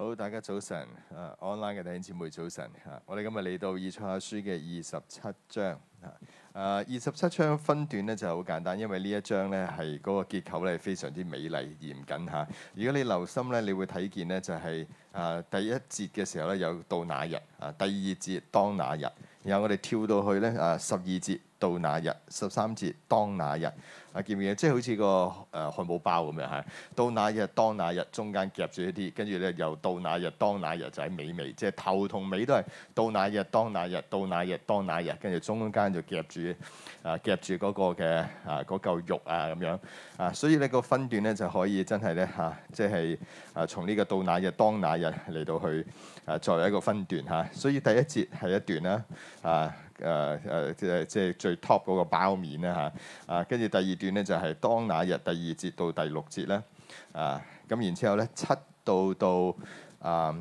好，大家早晨。啊，online 嘅弟兄姊妹早晨。嚇、啊，我哋今日嚟到《以賽亞書》嘅二十七章。啊，二十七章分段咧就好簡單，因為呢一章咧係嗰個結構咧非常之美麗嚴謹，嚇。如果你留心咧，你會睇見咧就係、是、啊第一節嘅時候咧有到那日啊，第二節當那日，然後我哋跳到去咧啊十二節。到那日，十三節當那日，啊見唔見？即係好似個誒漢堡包咁樣嚇。到那日、當那日，中間夾住一啲，跟住咧又到那日當那日，就係尾尾。即係頭同尾都係到那日當那日，到那日當那日，跟住中間就夾住啊，夾住嗰個嘅啊嗰嚿肉啊咁樣啊。所以呢個分段咧，就可以真係咧嚇，即係啊從呢個到那日當那日嚟到去啊，作為一個分段嚇。所以第一節係一段啦啊。誒誒，即係即係最 top 嗰個包面啦吓，啊，跟住第二段咧就係、是、當那日第二節到第六節啦啊，咁然之後咧七到到啊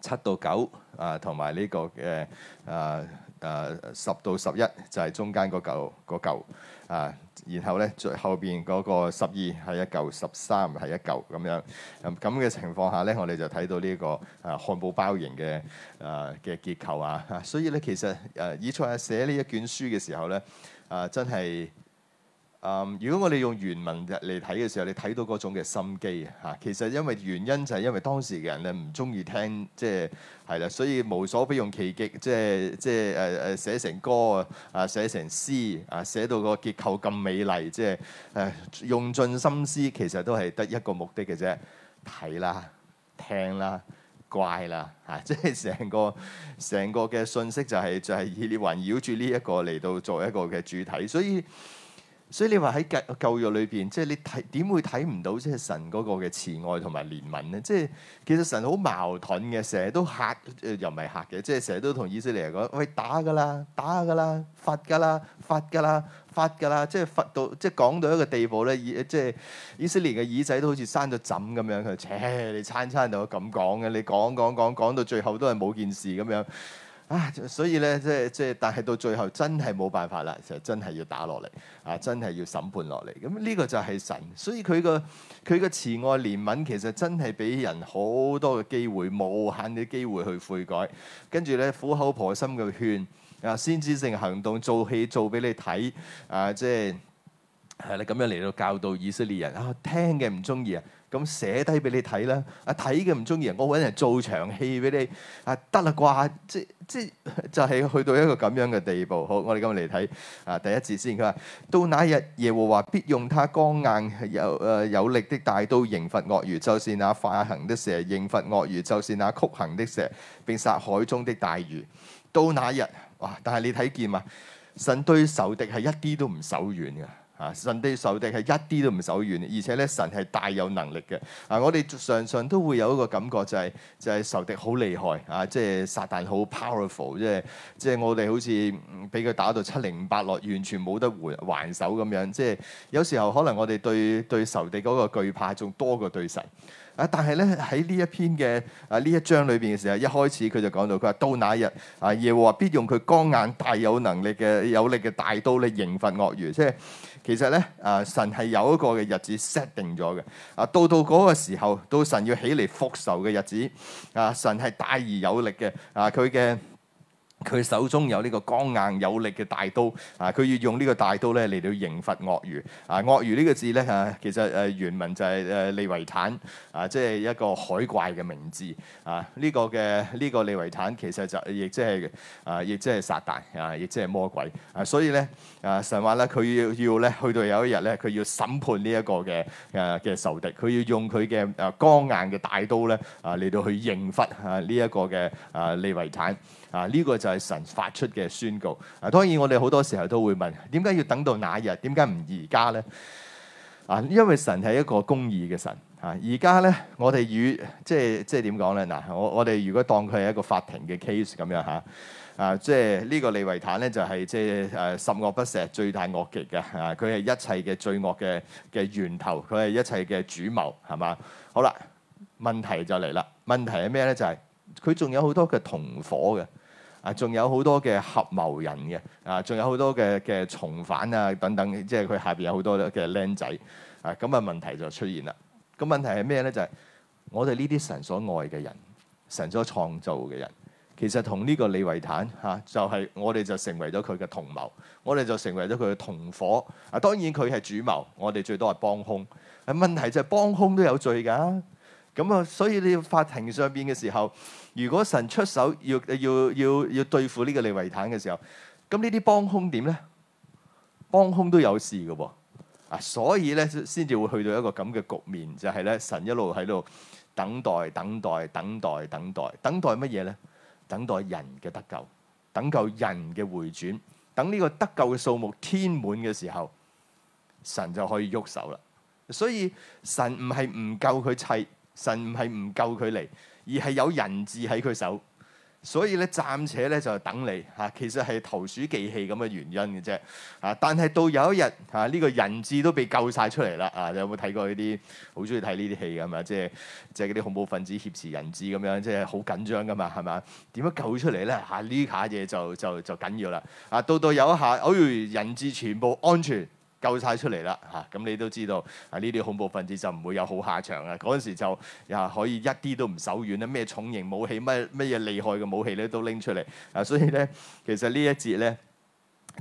七到九啊，同埋呢個。嘅、呃、啊。誒十、uh，到十一就係中間嗰嚿嗰嚿啊，然後咧最後邊嗰個十二係一嚿，十三係一嚿咁樣，咁嘅情況下咧，我哋就睇到呢、呢個誒、啊、漢堡包型嘅誒嘅結構啊，所以咧其實誒、啊、以賽係寫呢一卷書嘅時候咧，誒、啊、真係。如果我哋用原文嚟睇嘅時候，你睇到嗰種嘅心機啊，其實因為原因就係因為當時嘅人咧唔中意聽，即係係啦，所以無所不用其極，即係即係誒誒寫成歌啊，寫成詩啊，寫到個結構咁美麗，即係誒用盡心思，其實都係得一個目的嘅啫，睇啦、聽啦、怪啦嚇，即係成個成個嘅信息就係就係以你環繞住呢一個嚟到做一個嘅主題，所以。所以你話喺教育裏邊，即係你睇點會睇唔到即係神嗰個嘅慈愛同埋憐憫咧？即係其實神好矛盾嘅，成日都嚇又唔係嚇嘅，即係成日都同以色列講：喂，打㗎啦，打㗎啦，罰㗎啦，罰㗎啦，罰㗎啦！即係罰到即係講到一個地步咧，即係以色列嘅耳仔都好似生咗疹咁樣。佢：切，你餐餐就咁講嘅，你講講講講到最後都係冇件事咁樣。啊，所以咧，即係即係，但係到最後真係冇辦法啦，就真係要打落嚟啊，真係要審判落嚟。咁呢個就係神，所以佢個佢個慈愛憐憫，其實真係俾人好多嘅機會，無限嘅機會去悔改。跟住咧，苦口婆心嘅勸啊，先知性行動，做戲做俾你睇啊，即係係啦，咁樣嚟到教導以色列人啊，聽嘅唔中意啊，咁寫低俾你睇啦，啊睇嘅唔中意啊，我揾人做場戲俾你啊，得啦啩，即即就係去到一個咁樣嘅地步，好，我哋今日嚟睇啊第一節先，佢話到那日耶和華必用他剛硬、有誒、有力的大刀刑罰鱷魚，就是那快行的蛇，刑罰鱷魚，就是那曲行的蛇，並殺海中的大魚。到那日，哇！但係你睇見嘛，神對仇敵係一啲都唔手軟嘅。啊！神對仇敵係一啲都唔手軟，而且咧神係大有能力嘅。啊，我哋常常都會有一個感覺，就係，就係就係仇敵好厲害啊！即係撒但 power 好 powerful，即係即係我哋好似俾佢打到七零八落，完全冇得還還手咁樣。即係有時候可能我哋對對仇敵嗰個懼怕仲多過對神。啊！但係咧喺呢一篇嘅啊呢一章裏邊嘅時候，一開始佢就講到,到，佢話到那一日啊，耶和華必用佢光眼大有能力嘅有力嘅大刀嚟刑罰鱷魚。即係其實咧啊，神係有一個嘅日子 set 定咗嘅啊，到到嗰個時候，到神要起嚟復仇嘅日子啊，神係大而有力嘅啊，佢嘅。佢手中有呢個剛硬有力嘅大刀啊！佢要用呢個大刀咧嚟到刑罰鱷魚啊！鱷魚呢個字咧啊，其實誒原文就係誒利維坦啊，即係一個海怪嘅名字啊。呢個嘅呢個利維坦其實就亦即係啊，亦即係撒旦啊，亦即係魔鬼啊。所以咧啊，神話咧佢要要咧去到有一日咧，佢要審判呢一個嘅誒嘅仇敵，佢要用佢嘅誒剛硬嘅大刀咧啊嚟到去刑罰啊呢一個嘅啊利維坦。啊啊啊 dispers, 啊！呢、這個就係神發出嘅宣告。啊，當然我哋好多時候都會問：點解要等到那日？點解唔而家咧？啊，因為神係一個公義嘅神。啊，而家咧我哋與即係即係點講咧？嗱，我、啊、我哋如果當佢係一個法庭嘅 case 咁樣嚇，啊，即係呢個利維坦咧就係、是、即係誒、啊、十惡不赦、最大惡極嘅。啊，佢係一切嘅罪惡嘅嘅源頭，佢係一切嘅主謀，係嘛？好啦，問題就嚟啦。問題係咩咧？就係佢仲有好多嘅同夥嘅。啊，仲有好多嘅合謀人嘅，啊，仲有好多嘅嘅從犯啊等等，即係佢下邊有好多嘅僆仔，啊，咁啊問題就出現啦。咁問題係咩咧？就係、是、我哋呢啲神所愛嘅人，神所創造嘅人，其實同呢個李維坦嚇、啊，就係、是、我哋就成為咗佢嘅同謀，我哋就成為咗佢嘅同伙。啊，當然佢係主謀，我哋最多係幫兇。啊，問題就係幫兇都有罪㗎、啊。咁啊，所以你要法庭上邊嘅時候。如果神出手要要要要對付呢個利維坦嘅時候，咁呢啲幫兇點咧？幫兇都有事嘅喎，啊，所以咧先先至會去到一個咁嘅局面，就係咧，神一路喺度等待、等待、等待、等待、等待乜嘢咧？等待人嘅得救，等待人嘅回轉，等呢個得救嘅數目添滿嘅時候，神就可以喐手啦。所以神唔係唔夠佢砌，神唔係唔夠佢嚟。而係有人質喺佢手，所以咧暫且咧就等你嚇、啊。其實係投鼠忌器咁嘅原因嘅啫嚇。但係到有一日嚇，呢個人質都被救晒出嚟啦啊！你有冇睇過呢啲好中意睇呢啲戲㗎嘛？即係即係啲恐怖分子挾持人質咁樣，即係好緊張㗎嘛？係咪？點樣救出嚟咧嚇？呢下嘢就就就緊要啦啊！到到有一下，哎，人質全部安全，救晒出嚟啦嚇！咁、啊、你都知道啊，呢啲恐怖分子就唔會有好下場啊。嗰陣時就又可以一啲都唔手軟咧，咩重型武器、咩咩嘢厲害嘅武器咧都拎出嚟啊。所以咧，其實呢一節咧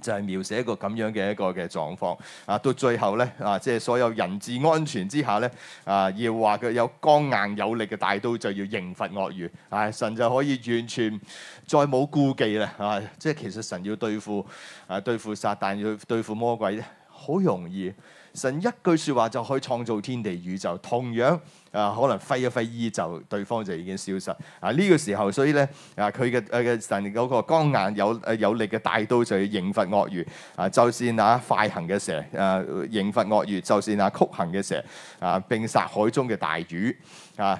就係、是、描寫一個咁樣嘅一個嘅狀況啊。到最後咧啊，即、就、係、是、所有人質安全之下咧啊，要話佢有剛硬有力嘅大刀就要刑罰鱷魚啊，神就可以完全再冇顧忌啦啊！即係其實神要對付啊，對付撒但，要對付魔鬼啫。好容易，神一句說話就可以創造天地宇宙。同樣啊、呃，可能揮一揮衣就對方就已經消失。啊，呢、這個時候所以咧啊，佢嘅誒嘅神嗰個光眼有誒有力嘅大刀，就要刑罰鱷魚啊，就算那、啊、快行嘅蛇啊，刑罰鱷魚，就算那、啊、曲行嘅蛇啊，並殺海中嘅大魚啊。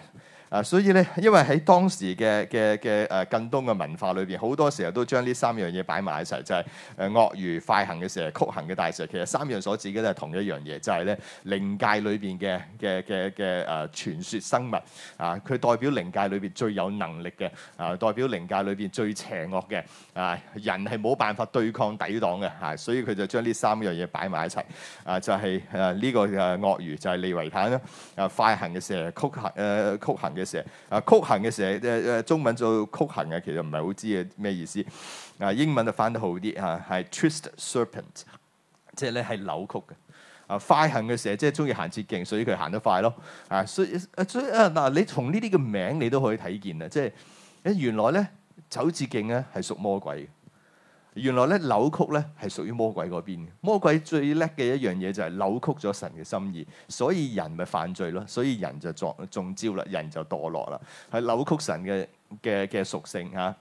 啊，所以咧，因為喺當時嘅嘅嘅誒近東嘅文化裏邊，好多時候都將呢三樣嘢擺埋一齊，就係、是、誒、呃、鱷魚、快行嘅蛇、曲行嘅大蛇。其實三樣所指嘅都係同一樣嘢，就係咧靈界裏邊嘅嘅嘅嘅誒傳説生物啊，佢代表靈界裏邊最有能力嘅啊，代表靈界裏邊最邪惡嘅啊，人係冇辦法對抗抵擋嘅啊，所以佢就將呢三樣嘢擺埋一齊，啊，就係誒呢個誒鱷、啊、魚就係、是、利維坦啦，誒、啊、快行嘅蛇、曲行誒、呃呃呃呃、曲行嘅。嘅蛇啊，曲行嘅蛇，誒，中文做曲行嘅，其實唔係好知嘅咩意思？啊，英文就翻得好啲啊，係 twist serpent，即係咧係扭曲嘅。啊，快行嘅蛇，即係中意行捷徑，所以佢行得快咯。啊，所以、啊、所以啊，嗱，你從呢啲嘅名，你都可以睇見啊。即係誒，原來咧走捷徑咧係屬魔鬼。原來咧扭曲咧係屬於魔鬼嗰邊嘅，魔鬼最叻嘅一樣嘢就係扭曲咗神嘅心意，所以人咪犯罪咯，所以人就中中招啦，人就墮落啦，係扭曲神嘅嘅嘅屬性嚇。啊。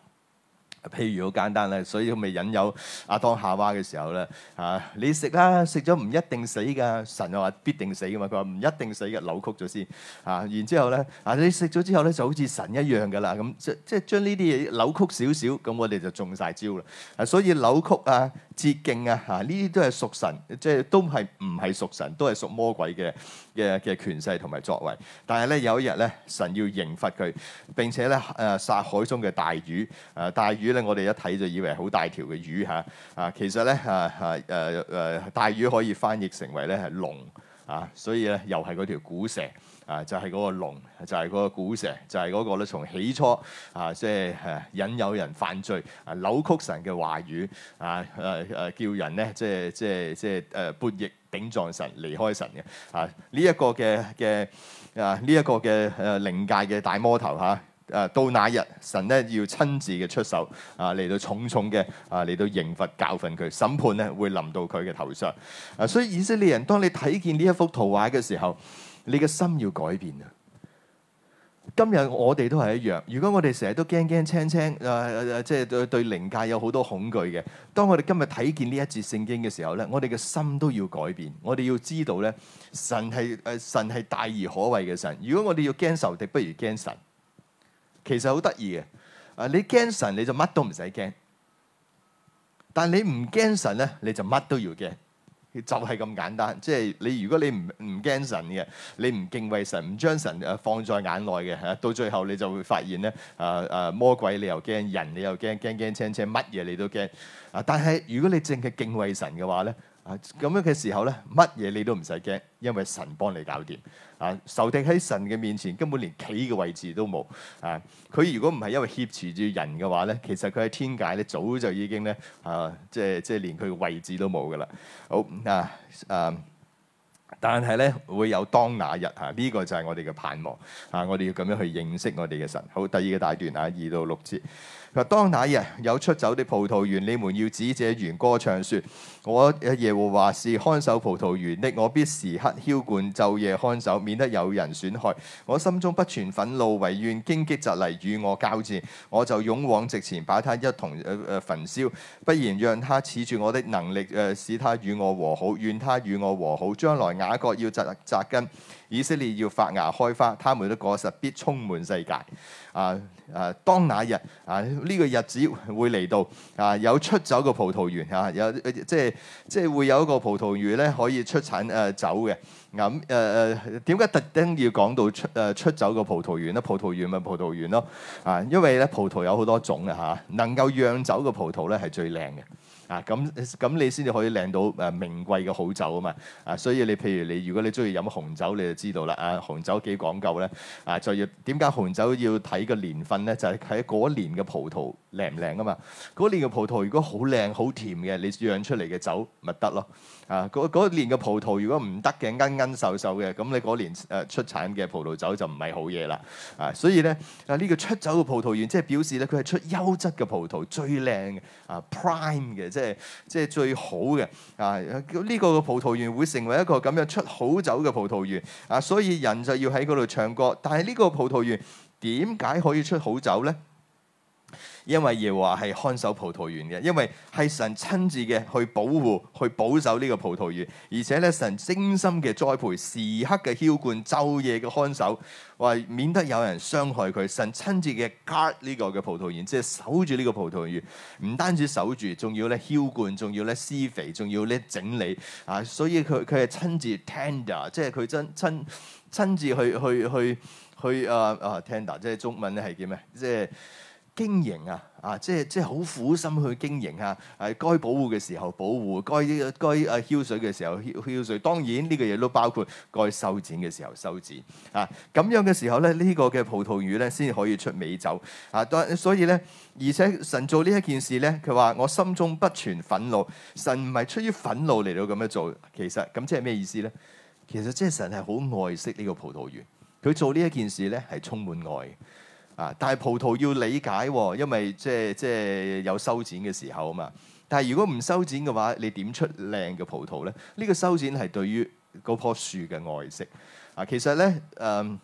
譬如好簡單啦，所以佢未引誘阿當夏娃嘅時候咧，啊你食啦，食咗唔一定死噶，神又話必定死噶嘛，佢話唔一定死嘅，扭曲咗先，啊然後呢啊之後咧，啊你食咗之後咧就好似神一樣噶啦，咁即即將呢啲嘢扭曲少少，咁我哋就中晒招啦，啊所以扭曲啊。捷徑啊，嚇！呢啲都係屬神，即係都係唔係屬神，都係屬魔鬼嘅嘅嘅權勢同埋作為。但係咧有一日咧，神要刑罰佢，並且咧誒、啊、殺海中嘅大魚。誒、啊、大魚咧，我哋一睇就以為好大條嘅魚嚇。啊，其實咧啊啊誒、啊、大魚可以翻譯成為咧係龍啊，所以咧又係嗰條古蛇。啊，就係嗰個龍，就係、是、嗰個古蛇，就係、是、嗰個咧，從起初啊，即、就、係、是、引誘人犯罪，啊，扭曲神嘅話語，啊誒誒、啊，叫人咧，即係即係即係誒，叛、就、逆、是呃、頂撞神，離開神嘅啊，呢、這、一個嘅嘅啊，呢、這、一個嘅誒靈界嘅大魔頭嚇，誒、啊、到那日神咧要親自嘅出手啊，嚟到重重嘅啊嚟到刑罰教訓佢，審判咧會臨到佢嘅頭上啊，所以以色列人，當你睇見呢一幅圖畫嘅時候。你嘅心要改變啊！今日我哋都係一樣。如果我哋成日都驚驚青青，誒、呃、即係對對靈界有好多恐懼嘅。當我哋今日睇見呢一節聖經嘅時候咧，我哋嘅心都要改變。我哋要知道咧，神係誒、呃、神係大而可畏嘅神。如果我哋要驚仇敵，不如驚神。其實好得意嘅。誒，你驚神你就乜都唔使驚。但你唔驚神咧，你就乜都要驚。就係咁簡單，即係你如果你唔唔驚神嘅，你唔敬畏神，唔將神誒放在眼內嘅，到最後你就會發現咧，誒、呃、誒、呃、魔鬼你又驚，人你又驚，驚驚青青乜嘢你都驚。啊！但係如果你淨係敬畏神嘅話咧。啊咁樣嘅時候咧，乜嘢你都唔使驚，因為神幫你搞掂。啊，受敵喺神嘅面前，根本連企嘅位置都冇。啊，佢如果唔係因為挾持住人嘅話咧，其實佢喺天界咧早就已經咧啊，即係即係連佢嘅位置都冇噶啦。好啊，誒、啊，但係咧會有當那日吓，呢、啊這個就係我哋嘅盼望。啊，我哋要咁樣去認識我哋嘅神。好，第二個大段啊，二到六節。嗱，當那日有出走的葡萄園，你們要指這園歌唱說：我耶和華是看守葡萄園的，我必時刻澆灌，晝夜看守，免得有人損害。我心中不存憤怒、惟願，荊棘蒺藜與我交戰，我就勇往直前，把他一同焚燒。不然，讓他恃住我的能力誒，使他與我和好，願他與我和好，將來雅各要扎扎根。以色列要發芽開花，他們都果實必充滿世界。啊啊！當那日啊呢、這個日子會嚟到啊，有出酒嘅葡萄園嚇、啊，有、呃、即係即係會有一個葡萄園咧可以出產誒酒嘅。咁誒誒，點解、啊啊、特登要講到出誒、呃、出酒嘅葡萄園咧？葡萄園咪葡萄園咯。啊，因為咧葡萄有好多種嘅嚇、啊，能夠釀酒嘅葡萄咧係最靚嘅。咁咁、啊、你先至可以領到誒名、啊、貴嘅好酒嘛，啊嘛，啊所以你譬如，你如果你中意飲紅酒，你就知道啦，啊紅酒幾講究咧？啊就要點解紅酒要睇個年份咧？就係睇嗰年嘅葡萄靚唔靚，啊嘛，嗰年嘅葡萄如果好靚好甜嘅，你釀出嚟嘅酒咪得咯。啊嗰年嘅葡萄如果唔得嘅奀奀瘦瘦嘅，咁你嗰年誒、啊、出產嘅葡萄酒就唔係好嘢啦。啊所以咧，啊呢、這個出酒嘅葡萄園即係表示咧，佢係出優質嘅葡萄最靚嘅啊，啊 prime 嘅即係。啊啊即係最好嘅啊！呢個嘅葡萄園會成為一個咁樣出好酒嘅葡萄園啊！所以人就要喺嗰度唱歌。但係呢個葡萄園點解可以出好酒咧？因為耶和華係看守葡萄園嘅，因為係神親自嘅去保護、去保守呢個葡萄園，而且咧神精心嘅栽培、時刻嘅澆灌、晝夜嘅看守，話免得有人傷害佢。神親自嘅 guard 呢個嘅葡萄園，即係守住呢個葡萄園。唔單止守住，仲要咧澆灌，仲要咧施肥，仲要咧整理啊！所以佢佢係親自, tender, 即親親自、啊啊、tender，即係佢真親親自去去去去啊啊 tender，即係中文咧係叫咩？即係。經營啊，啊，即係即係好苦心去經營啊！係該保護嘅時候保護，該該啊澆水嘅時候澆水。當然呢個嘢都包括該修剪嘅時候修剪啊。咁樣嘅時候咧，呢個嘅葡萄園咧先可以出美酒啊。都所以咧，而且神做呢一件事咧，佢話我心中不存憤怒。神唔係出於憤怒嚟到咁樣做，其實咁即係咩意思咧？其實即係神係好愛惜呢個葡萄園，佢做呢一件事咧係充滿愛。啊！但係葡萄要理解喎、啊，因為即係即係有修剪嘅時候啊嘛。但係如果唔修剪嘅話，你點出靚嘅葡萄咧？呢、這個修剪係對於嗰棵樹嘅愛惜啊。其實咧，誒、嗯。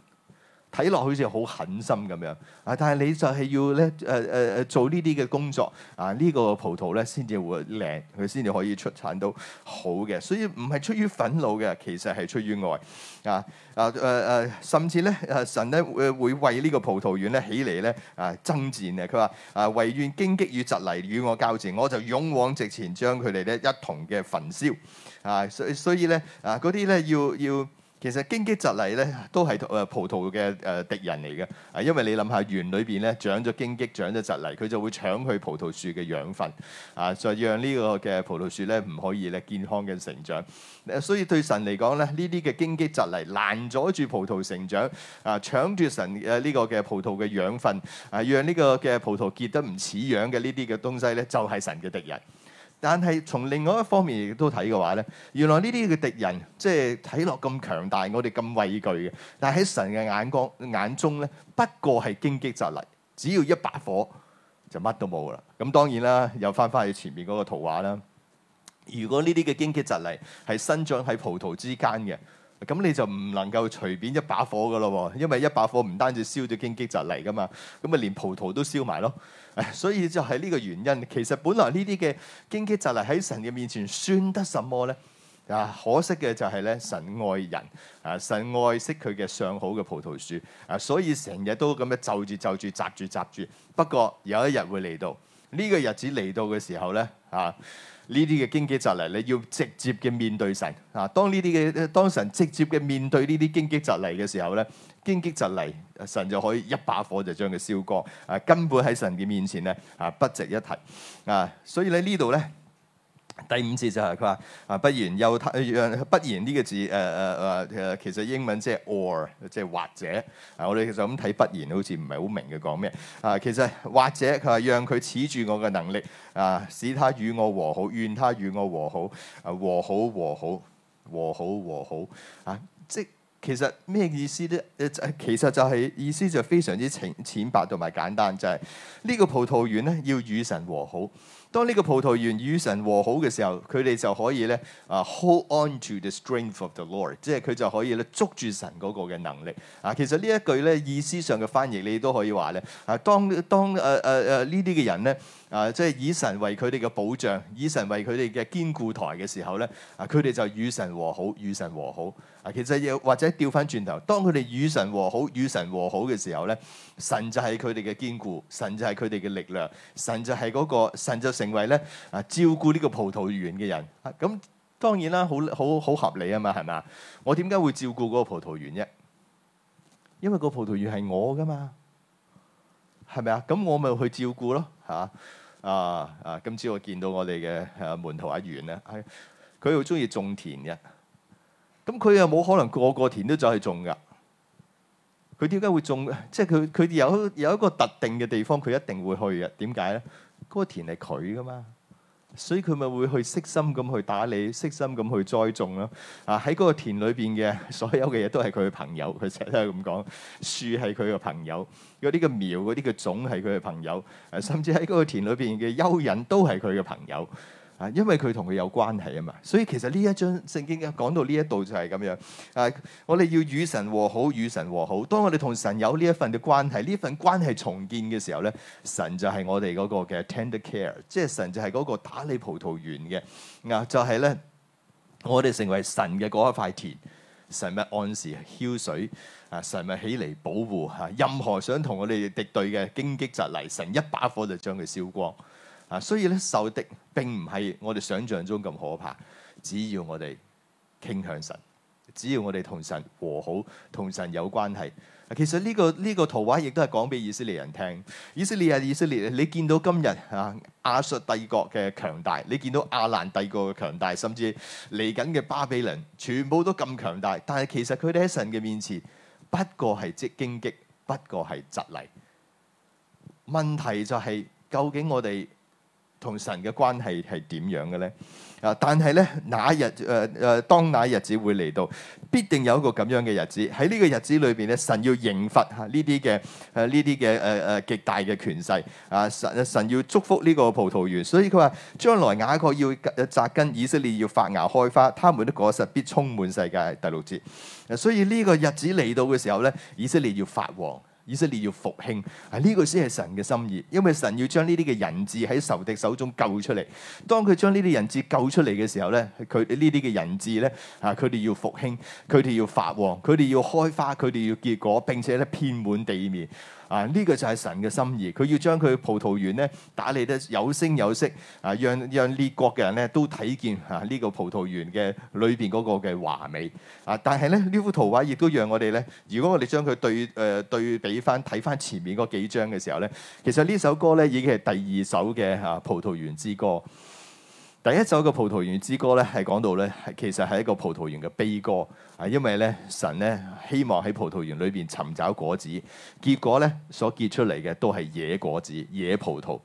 睇落好似好狠心咁樣、呃呃、啊！但係你就係要咧誒誒誒做呢啲嘅工作啊，呢個葡萄咧先至會靚，佢先至可以出產到好嘅。所以唔係出於憤怒嘅，其實係出於愛啊啊誒誒、啊，甚至咧誒神咧會會為呢個葡萄園咧起嚟咧啊爭戰啊！佢話啊，唯願荊棘與蒺藜與我交戰，我就勇往直前將佢哋咧一同嘅焚燒啊！所以所以咧啊嗰啲咧要要。要要其實荊棘蒺藜咧都係誒葡萄嘅誒敵人嚟嘅，啊，因為你諗下園裏邊咧長咗荊棘、長咗蒺藜，佢就會搶去葡萄樹嘅養分，啊，就讓呢個嘅葡萄樹咧唔可以咧健康嘅成長。所以對神嚟講咧，呢啲嘅荊棘蒺藜攔阻住葡萄成長，啊，搶住神誒呢個嘅葡萄嘅養分，啊，讓呢個嘅葡萄結得唔似樣嘅呢啲嘅東西咧，就係神嘅敵人。但係從另外一方面亦都睇嘅話咧，原來呢啲嘅敵人即係睇落咁強大，我哋咁畏懼嘅。但係喺神嘅眼光眼中咧，不過係荊棘蒺藜，只要一把火就乜都冇啦。咁當然啦，又翻返去前面嗰個圖畫啦。如果呢啲嘅荊棘蒺藜係生長喺葡萄之間嘅。咁你就唔能夠隨便一把火嘅咯喎，因為一把火唔單止燒咗荊棘蒺藜噶嘛，咁啊連葡萄都燒埋咯。所以就係呢個原因，其實本來呢啲嘅荊棘蒺藜喺神嘅面前算得什麼呢？啊，可惜嘅就係咧，神愛人啊，神愛惜佢嘅上好嘅葡萄樹啊，所以成日都咁樣就住就住摘住摘住。不過有一日會嚟到，呢個日子嚟到嘅時候呢。啊。呢啲嘅荊棘蒺藜，你要直接嘅面對神啊！當呢啲嘅當神直接嘅面對呢啲荊棘蒺藜嘅時候咧，荊棘蒺藜神就可以一把火就將佢燒光啊！根本喺神嘅面前咧啊，不值一提啊！所以咧呢度咧。第五節就係佢話啊，不然又太讓、啊、不然呢個字誒誒誒，其實英文即係 or 即係或者啊，我哋就咁睇不然好似唔係好明嘅講咩啊，其實或者佢話讓佢持住我嘅能力啊，使他與我和好，願他與我和好啊，和好和好和好和好啊，即其實咩意思咧？其實就係、是、意思就非常之淺淺白同埋簡單，就係、是、呢個葡萄園咧要與神和好。當呢個葡萄園與神和好嘅時候，佢哋就可以咧啊 hold on to the strength of the Lord，即係佢就可以咧捉住神嗰個嘅能力啊。其實呢一句咧意思上嘅翻譯，你都可以話咧啊。當當誒誒誒呢啲嘅人咧啊，即係以神為佢哋嘅保障，以神為佢哋嘅堅固台嘅時候咧啊，佢哋就與神和好，與神和好。其實又或者調翻轉頭，當佢哋與神和好，與神和好嘅時候咧，神就係佢哋嘅堅固，神就係佢哋嘅力量，神就係嗰個，神就成為咧啊照顧呢個葡萄園嘅人。咁、啊、當然啦，好好好合理啊嘛，係咪啊？我點解會照顧嗰個葡萄園啫？因為個葡萄園係我噶嘛，係咪啊？咁我咪去照顧咯，吓啊啊！今朝我見到我哋嘅啊門徒阿遠咧，佢好中意種田嘅。咁佢又冇可能個個田都走去種噶，佢點解會種？即係佢佢有有一個特定嘅地方，佢一定會去嘅。點解咧？嗰個田係佢噶嘛，所以佢咪會去悉心咁去打理、悉心咁去栽種咯。啊，喺嗰個田裏邊嘅所有嘅嘢都係佢嘅朋友。佢成日都係咁講，樹係佢嘅朋友，嗰啲嘅苗、嗰啲嘅種係佢嘅朋友，啊、甚至喺嗰個田裏邊嘅蚯蚓都係佢嘅朋友。啊，因為佢同佢有關係啊嘛，所以其實呢一章聖經講到呢一度就係咁樣。啊，我哋要與神和好，與神和好。當我哋同神有呢一份嘅關係，呢份關係重建嘅時候咧，神就係我哋嗰個嘅 tender care，即係神就係嗰個打理葡萄園嘅。啊，就係、是、咧，我哋成為神嘅嗰一塊田，神咪按時澆水啊，神咪起嚟保護嚇、啊。任何想同我哋敵對嘅荊棘蒺藜，神一把火就將佢燒光。啊，所以咧受敵並唔係我哋想象中咁可怕，只要我哋傾向神，只要我哋同神和好，同神有關係。啊、其實呢、呢個呢、呢個圖畫亦都係講俾以色列人聽。以色列啊，以色列、啊，你見到今日啊亞述帝國嘅強大，你見到亞蘭帝國嘅強大，甚至嚟緊嘅巴比倫，全部都咁強大，但係其實佢哋喺神嘅面前，不過係即荊棘，不過係蒺藜。問題就係、是、究竟我哋同神嘅關係係點樣嘅咧？啊！但係咧，那日誒誒、呃呃，當那日子會嚟到，必定有一個咁樣嘅日子，喺呢個日子裏邊咧，神要刑罰嚇呢啲嘅誒呢啲嘅誒誒極大嘅權勢啊！神啊，神要祝福呢個葡萄園，所以佢話將來雅各要扎根，以色列要發芽開花，他們的果實必充滿世界。第六節。所以呢個日子嚟到嘅時候咧，以色列要發旺。以色列要復興啊！呢個先係神嘅心意，因為神要將呢啲嘅人質喺仇敵手中救出嚟。當佢將呢啲人質救出嚟嘅時候咧，佢呢啲嘅人質咧啊，佢哋要復興，佢哋要發旺，佢哋要開花，佢哋要結果，並且咧遍滿地面。啊！呢、這個就係神嘅心意，佢要將佢葡萄園咧打理得有聲有色啊，讓讓列國嘅人咧都睇見啊呢、這個葡萄園嘅裏邊嗰個嘅華美啊！但係咧呢幅圖畫亦都讓我哋咧，如果我哋將佢對誒、呃、對比翻睇翻前面嗰幾張嘅時候咧，其實呢首歌咧已經係第二首嘅啊葡萄園之歌。第一首嘅葡萄園之歌咧，係講到咧，其實係一個葡萄園嘅悲歌啊，因為咧神咧希望喺葡萄園裏邊尋找果子，結果咧所結出嚟嘅都係野果子、野葡萄，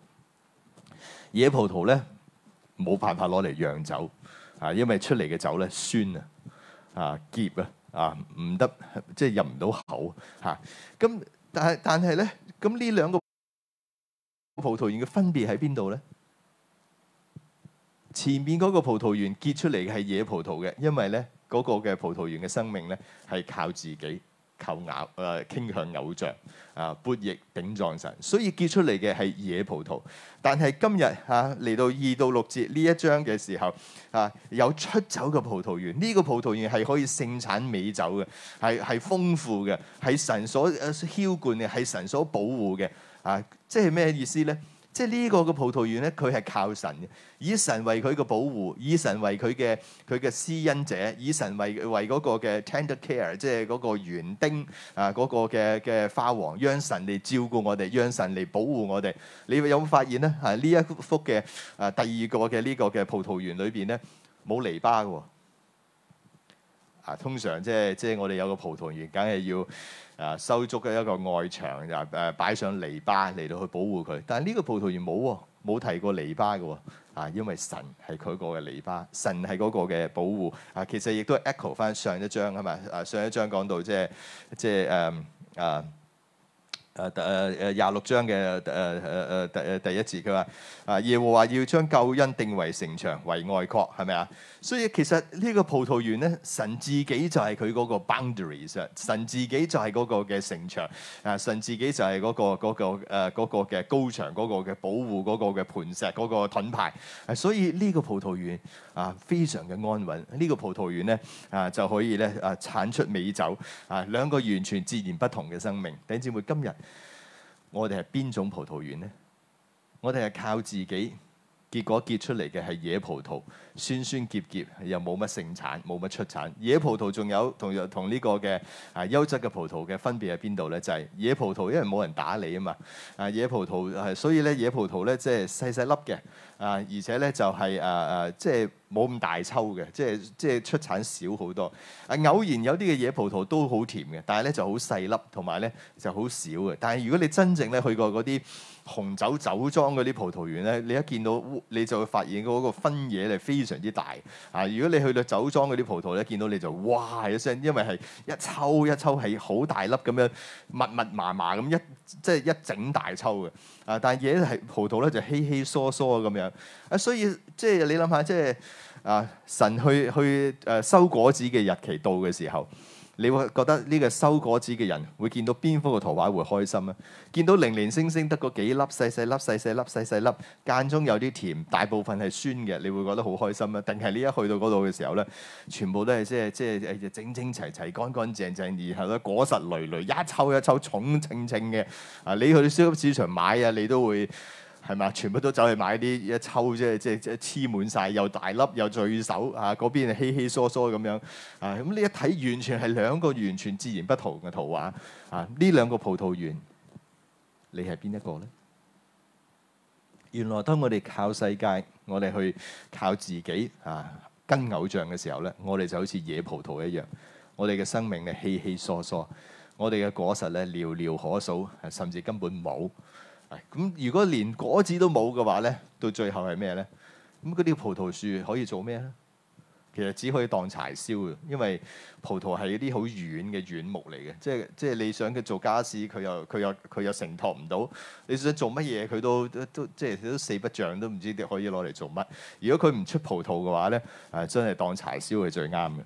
野葡萄咧冇辦法攞嚟釀酒啊，因為出嚟嘅酒咧酸啊啊澀啊啊唔得，即係入唔到口吓。咁啊啊但係但係咧，咁呢兩個葡萄園嘅分別喺邊度咧？前面嗰個葡萄園結出嚟嘅係野葡萄嘅，因為咧嗰、那個嘅葡萄園嘅生命咧係靠自己，靠咬誒、啊、傾向偶像，啊，悖逆頂撞神，所以結出嚟嘅係野葡萄。但係今日啊嚟到二到六節呢一章嘅時候啊，有出酒嘅葡萄園，呢、這個葡萄園係可以盛產美酒嘅，係係豐富嘅，係神所誒澆灌嘅，係神所保護嘅啊，即係咩意思咧？即係呢個嘅葡萄園咧，佢係靠神嘅，以神為佢嘅保護，以神為佢嘅佢嘅施恩者，以神為為嗰個嘅 tender care，即係嗰個園丁啊，嗰個嘅嘅花王，讓神嚟照顧我哋，讓神嚟保護我哋。你有冇發現咧？啊，呢一幅嘅啊第二個嘅呢個嘅葡萄園裏邊咧，冇籬笆嘅喎。啊，通常即係即係我哋有個葡萄園，梗係要。啊，修築嘅一個外牆，又誒擺上籬笆嚟到去保護佢。但係呢個葡萄園冇喎，冇提過籬笆嘅喎。啊，因為神係佢個嘅籬笆，神係嗰個嘅保護。啊，其實亦都 echo 翻上一章係咪？啊，上一章講到即係即係誒啊。啊誒誒誒廿六章嘅誒誒誒第第一節，佢話啊耶和華要將救恩定為城牆為外郭，係咪啊？所以其實呢個葡萄園咧，神自己就係佢嗰個 boundaries，神自己就係嗰個嘅城牆啊，神自己就係嗰個嗰個嘅高牆，嗰個嘅保護，嗰個嘅磐石，嗰個盾牌。所以呢個葡萄園啊，非常嘅安穩，呢個葡萄園咧啊就可以咧啊產出美酒啊，兩個完全截然不同嘅生命。弟兄姊妹今日。我哋係邊種葡萄園呢？我哋係靠自己。結果結出嚟嘅係野葡萄，酸酸澀澀，又冇乜盛產，冇乜出產。野葡萄仲有同同呢個嘅啊，優質嘅葡萄嘅分別喺邊度咧？就係野葡萄因為冇人打理啊嘛，啊野葡萄係所以咧野葡萄咧即係細細粒嘅啊，而且咧就係啊啊即係冇咁大抽嘅，即係即係出產少好多。啊偶然有啲嘅野葡萄都好甜嘅，但係咧就好細粒，同埋咧就好少嘅。但係如果你真正咧去過嗰啲。紅酒酒莊嗰啲葡萄園咧，你一見到，你就會發現嗰個分野係非常之大。啊，如果你去到酒莊嗰啲葡萄咧，見到你就哇一聲，因為係一抽一抽係好大粒咁樣密密麻麻咁一即係一、就係、一整大抽嘅。啊，但係嘢係葡萄咧就稀稀疏疏咁樣。啊，所以即係你諗下，即係啊神去去誒收果子嘅日期到嘅時候。你會覺得呢個收果子嘅人會見到邊幅嘅圖畫會開心咧、啊？見到零零星星得個幾粒細細粒細細粒細細粒，細細粒，間中有啲甜，大部分係酸嘅，你會覺得好開心咧、啊？定係你一去到嗰度嘅時候咧，全部都係即係即係誒整整齊齊、乾乾淨淨，淨，然後咧果實累累，一抽一抽重稱稱嘅。啊，你去超級市場買啊，你都會～係嘛？全部都走去買啲一抽，即係即係黐滿晒，又大粒，又聚手啊！嗰邊係稀稀疏疏咁樣啊！咁你一睇，完全係兩個完全截然不同嘅圖畫啊！呢兩個葡萄園，你係邊一個呢？原來當我哋靠世界，我哋去靠自己啊，跟偶像嘅時候呢，我哋就好似野葡萄一樣，我哋嘅生命咧稀稀疏疏，我哋嘅果實咧寥寥可數，甚至根本冇。咁如果連果子都冇嘅話咧，到最後係咩咧？咁嗰啲葡萄樹可以做咩咧？其實只可以當柴燒嘅。因為葡萄係一啲好軟嘅軟木嚟嘅，即係即係你想佢做家私，佢又佢又佢又承托唔到，你想做乜嘢佢都都都即係都四不像，都唔知點可以攞嚟做乜。如果佢唔出葡萄嘅話咧，誒、啊、真係當柴燒係最啱嘅，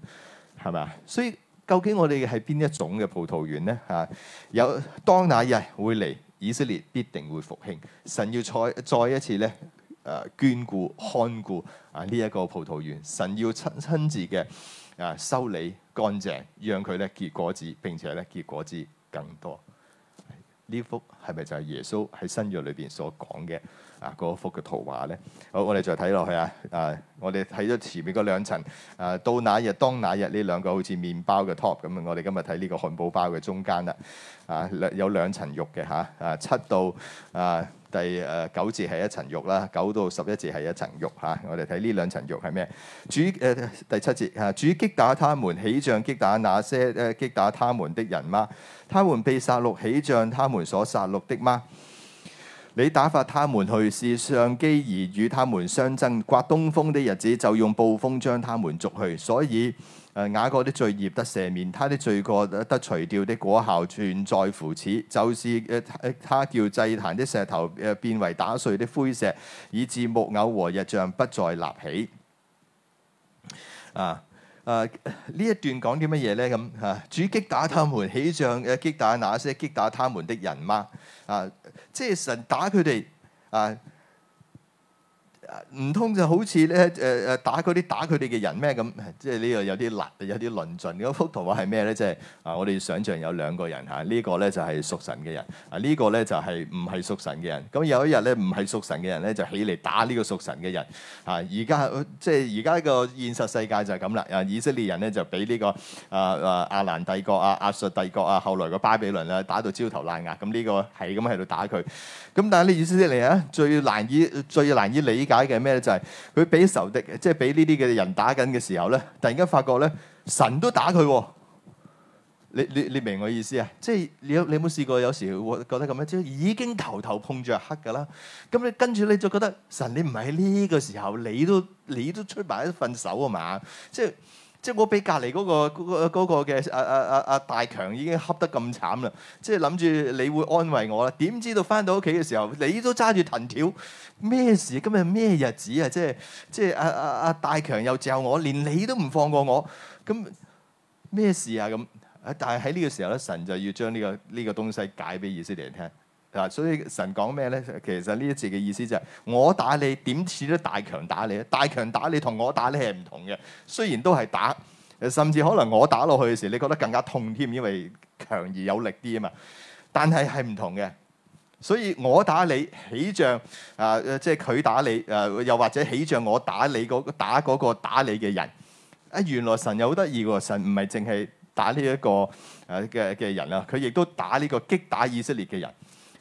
係咪啊？所以究竟我哋係邊一種嘅葡萄園咧？吓、啊、有當那日會嚟。以色列必定會復興，神要再再一次咧，誒眷顧看顧啊呢一個葡萄園，神要親親自嘅啊修理乾淨，讓佢咧結果子，並且咧結果子更多。呢幅係咪就係耶穌喺新約裏邊所講嘅？啊，嗰、那個、幅嘅圖畫咧，好，我哋再睇落去啊！啊，我哋睇咗前面嗰兩層啊，到哪日當哪日那日當那日呢兩個好似麵包嘅 top 咁啊！我哋今日睇呢個漢堡包嘅中間啦，啊，有兩層肉嘅吓，啊，七到啊第誒九節係一層肉啦、啊，九到十一節係一層肉吓、啊，我哋睇呢兩層肉係咩？主誒、啊、第七節啊，主擊打他們，豈像擊打那些誒擊、啊、打他們的人嗎？他們被殺戮，豈像他們所殺戮的嗎？你打發他們去是相機而與他們相爭，刮東風的日子就用暴風將他們逐去。所以，誒雅各的罪孽得赦免，他的罪過得除掉的果效全在乎此。就是誒他叫祭壇的石頭誒變為打碎的灰石，以致木偶和日像不再立起。啊！誒呢、啊、一段講啲乜嘢咧？咁、啊、嚇主擊打他們起仗誒擊、啊、打那些擊打他們的人嗎？啊，即係神打佢哋啊！唔通就好似咧誒誒打佢啲打佢哋嘅人咩咁？即係呢個有啲難，有啲論盡。幅圖畫係咩咧？即係啊，我哋想像有兩個人嚇，呢、這個咧就係屬神嘅人，啊、這、呢個咧就係唔係屬神嘅人。咁有一日咧，唔係屬神嘅人咧就起嚟打呢個屬神嘅人。嚇，而家即係而家個現實世界就係咁啦。啊，以色列人咧就俾呢、這個啊啊亞蘭帝國啊亞述帝國啊後來個巴比倫啊打到焦頭爛額，咁、這、呢個係咁喺度打佢。咁但係呢，以色列嚟啊？最難以最難以理解。解嘅咩咧？就係佢俾仇敵，即係俾呢啲嘅人打緊嘅時候咧，突然間發覺咧，神都打佢。你你你明我意思啊？即係你有你有冇試過？有時會覺得咁樣，即係已經頭頭碰着黑噶啦咁你跟住你就覺得神，你唔係喺呢個時候，你都你都出埋一份手啊嘛，即係。即我俾隔離嗰個嗰個嗰個嘅阿阿阿阿大強已經恰得咁慘啦，即係諗住你會安慰我啦，點知道翻到屋企嘅時候，你都揸住藤條，咩事？今日咩日子啊？即係即係阿阿阿大強又召我，連你都唔放過我，咁咩事啊？咁，但係喺呢個時候咧，神就要將呢個呢個東西解俾以色列人聽。嗱，所以神講咩咧？其實呢一字嘅意思就係、是、我打你，點似得大強打你啊！大強打你同我打你係唔同嘅，雖然都係打，甚至可能我打落去嘅時，你覺得更加痛添，因為強而有力啲啊嘛。但係係唔同嘅，所以我打你起仗啊，即係佢打你啊，又或者起仗我打你嗰打嗰個打你嘅人啊。原來神又好得意喎！神唔係淨係打呢、這、一個嘅嘅人啊，佢亦都打呢個擊打以色列嘅人。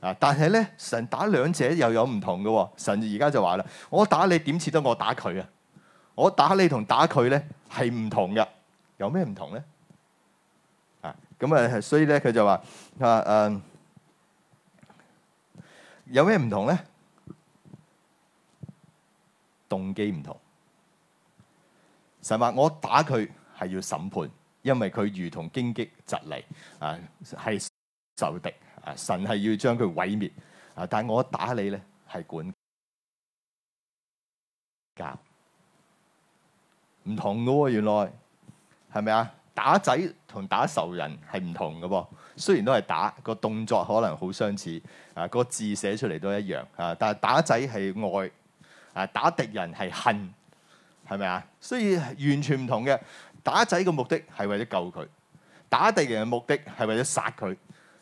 啊！但係咧，神打兩者又有唔同嘅喎、哦。神而家就話啦，我打你點似得我打佢啊。我打你打呢同打佢咧係唔同嘅。有咩唔同咧？啊！咁啊，所以咧佢就話啊，誒、啊，有咩唔同咧？動機唔同。神話我打佢係要審判，因為佢如同荊棘蒺藜啊，係仇敵。啊、神係要將佢毀滅，啊、但係我打你咧係管教，唔同嘅喎。原來係咪啊，啊？打仔同打仇人係唔同嘅噃、啊。雖然都係打，個動作可能好相似，啊、個字寫出嚟都一樣啊，但係打仔係愛，啊打敵人係恨，係咪啊？所以完全唔同嘅。打仔嘅目的係為咗救佢，打敵人嘅目的係為咗殺佢。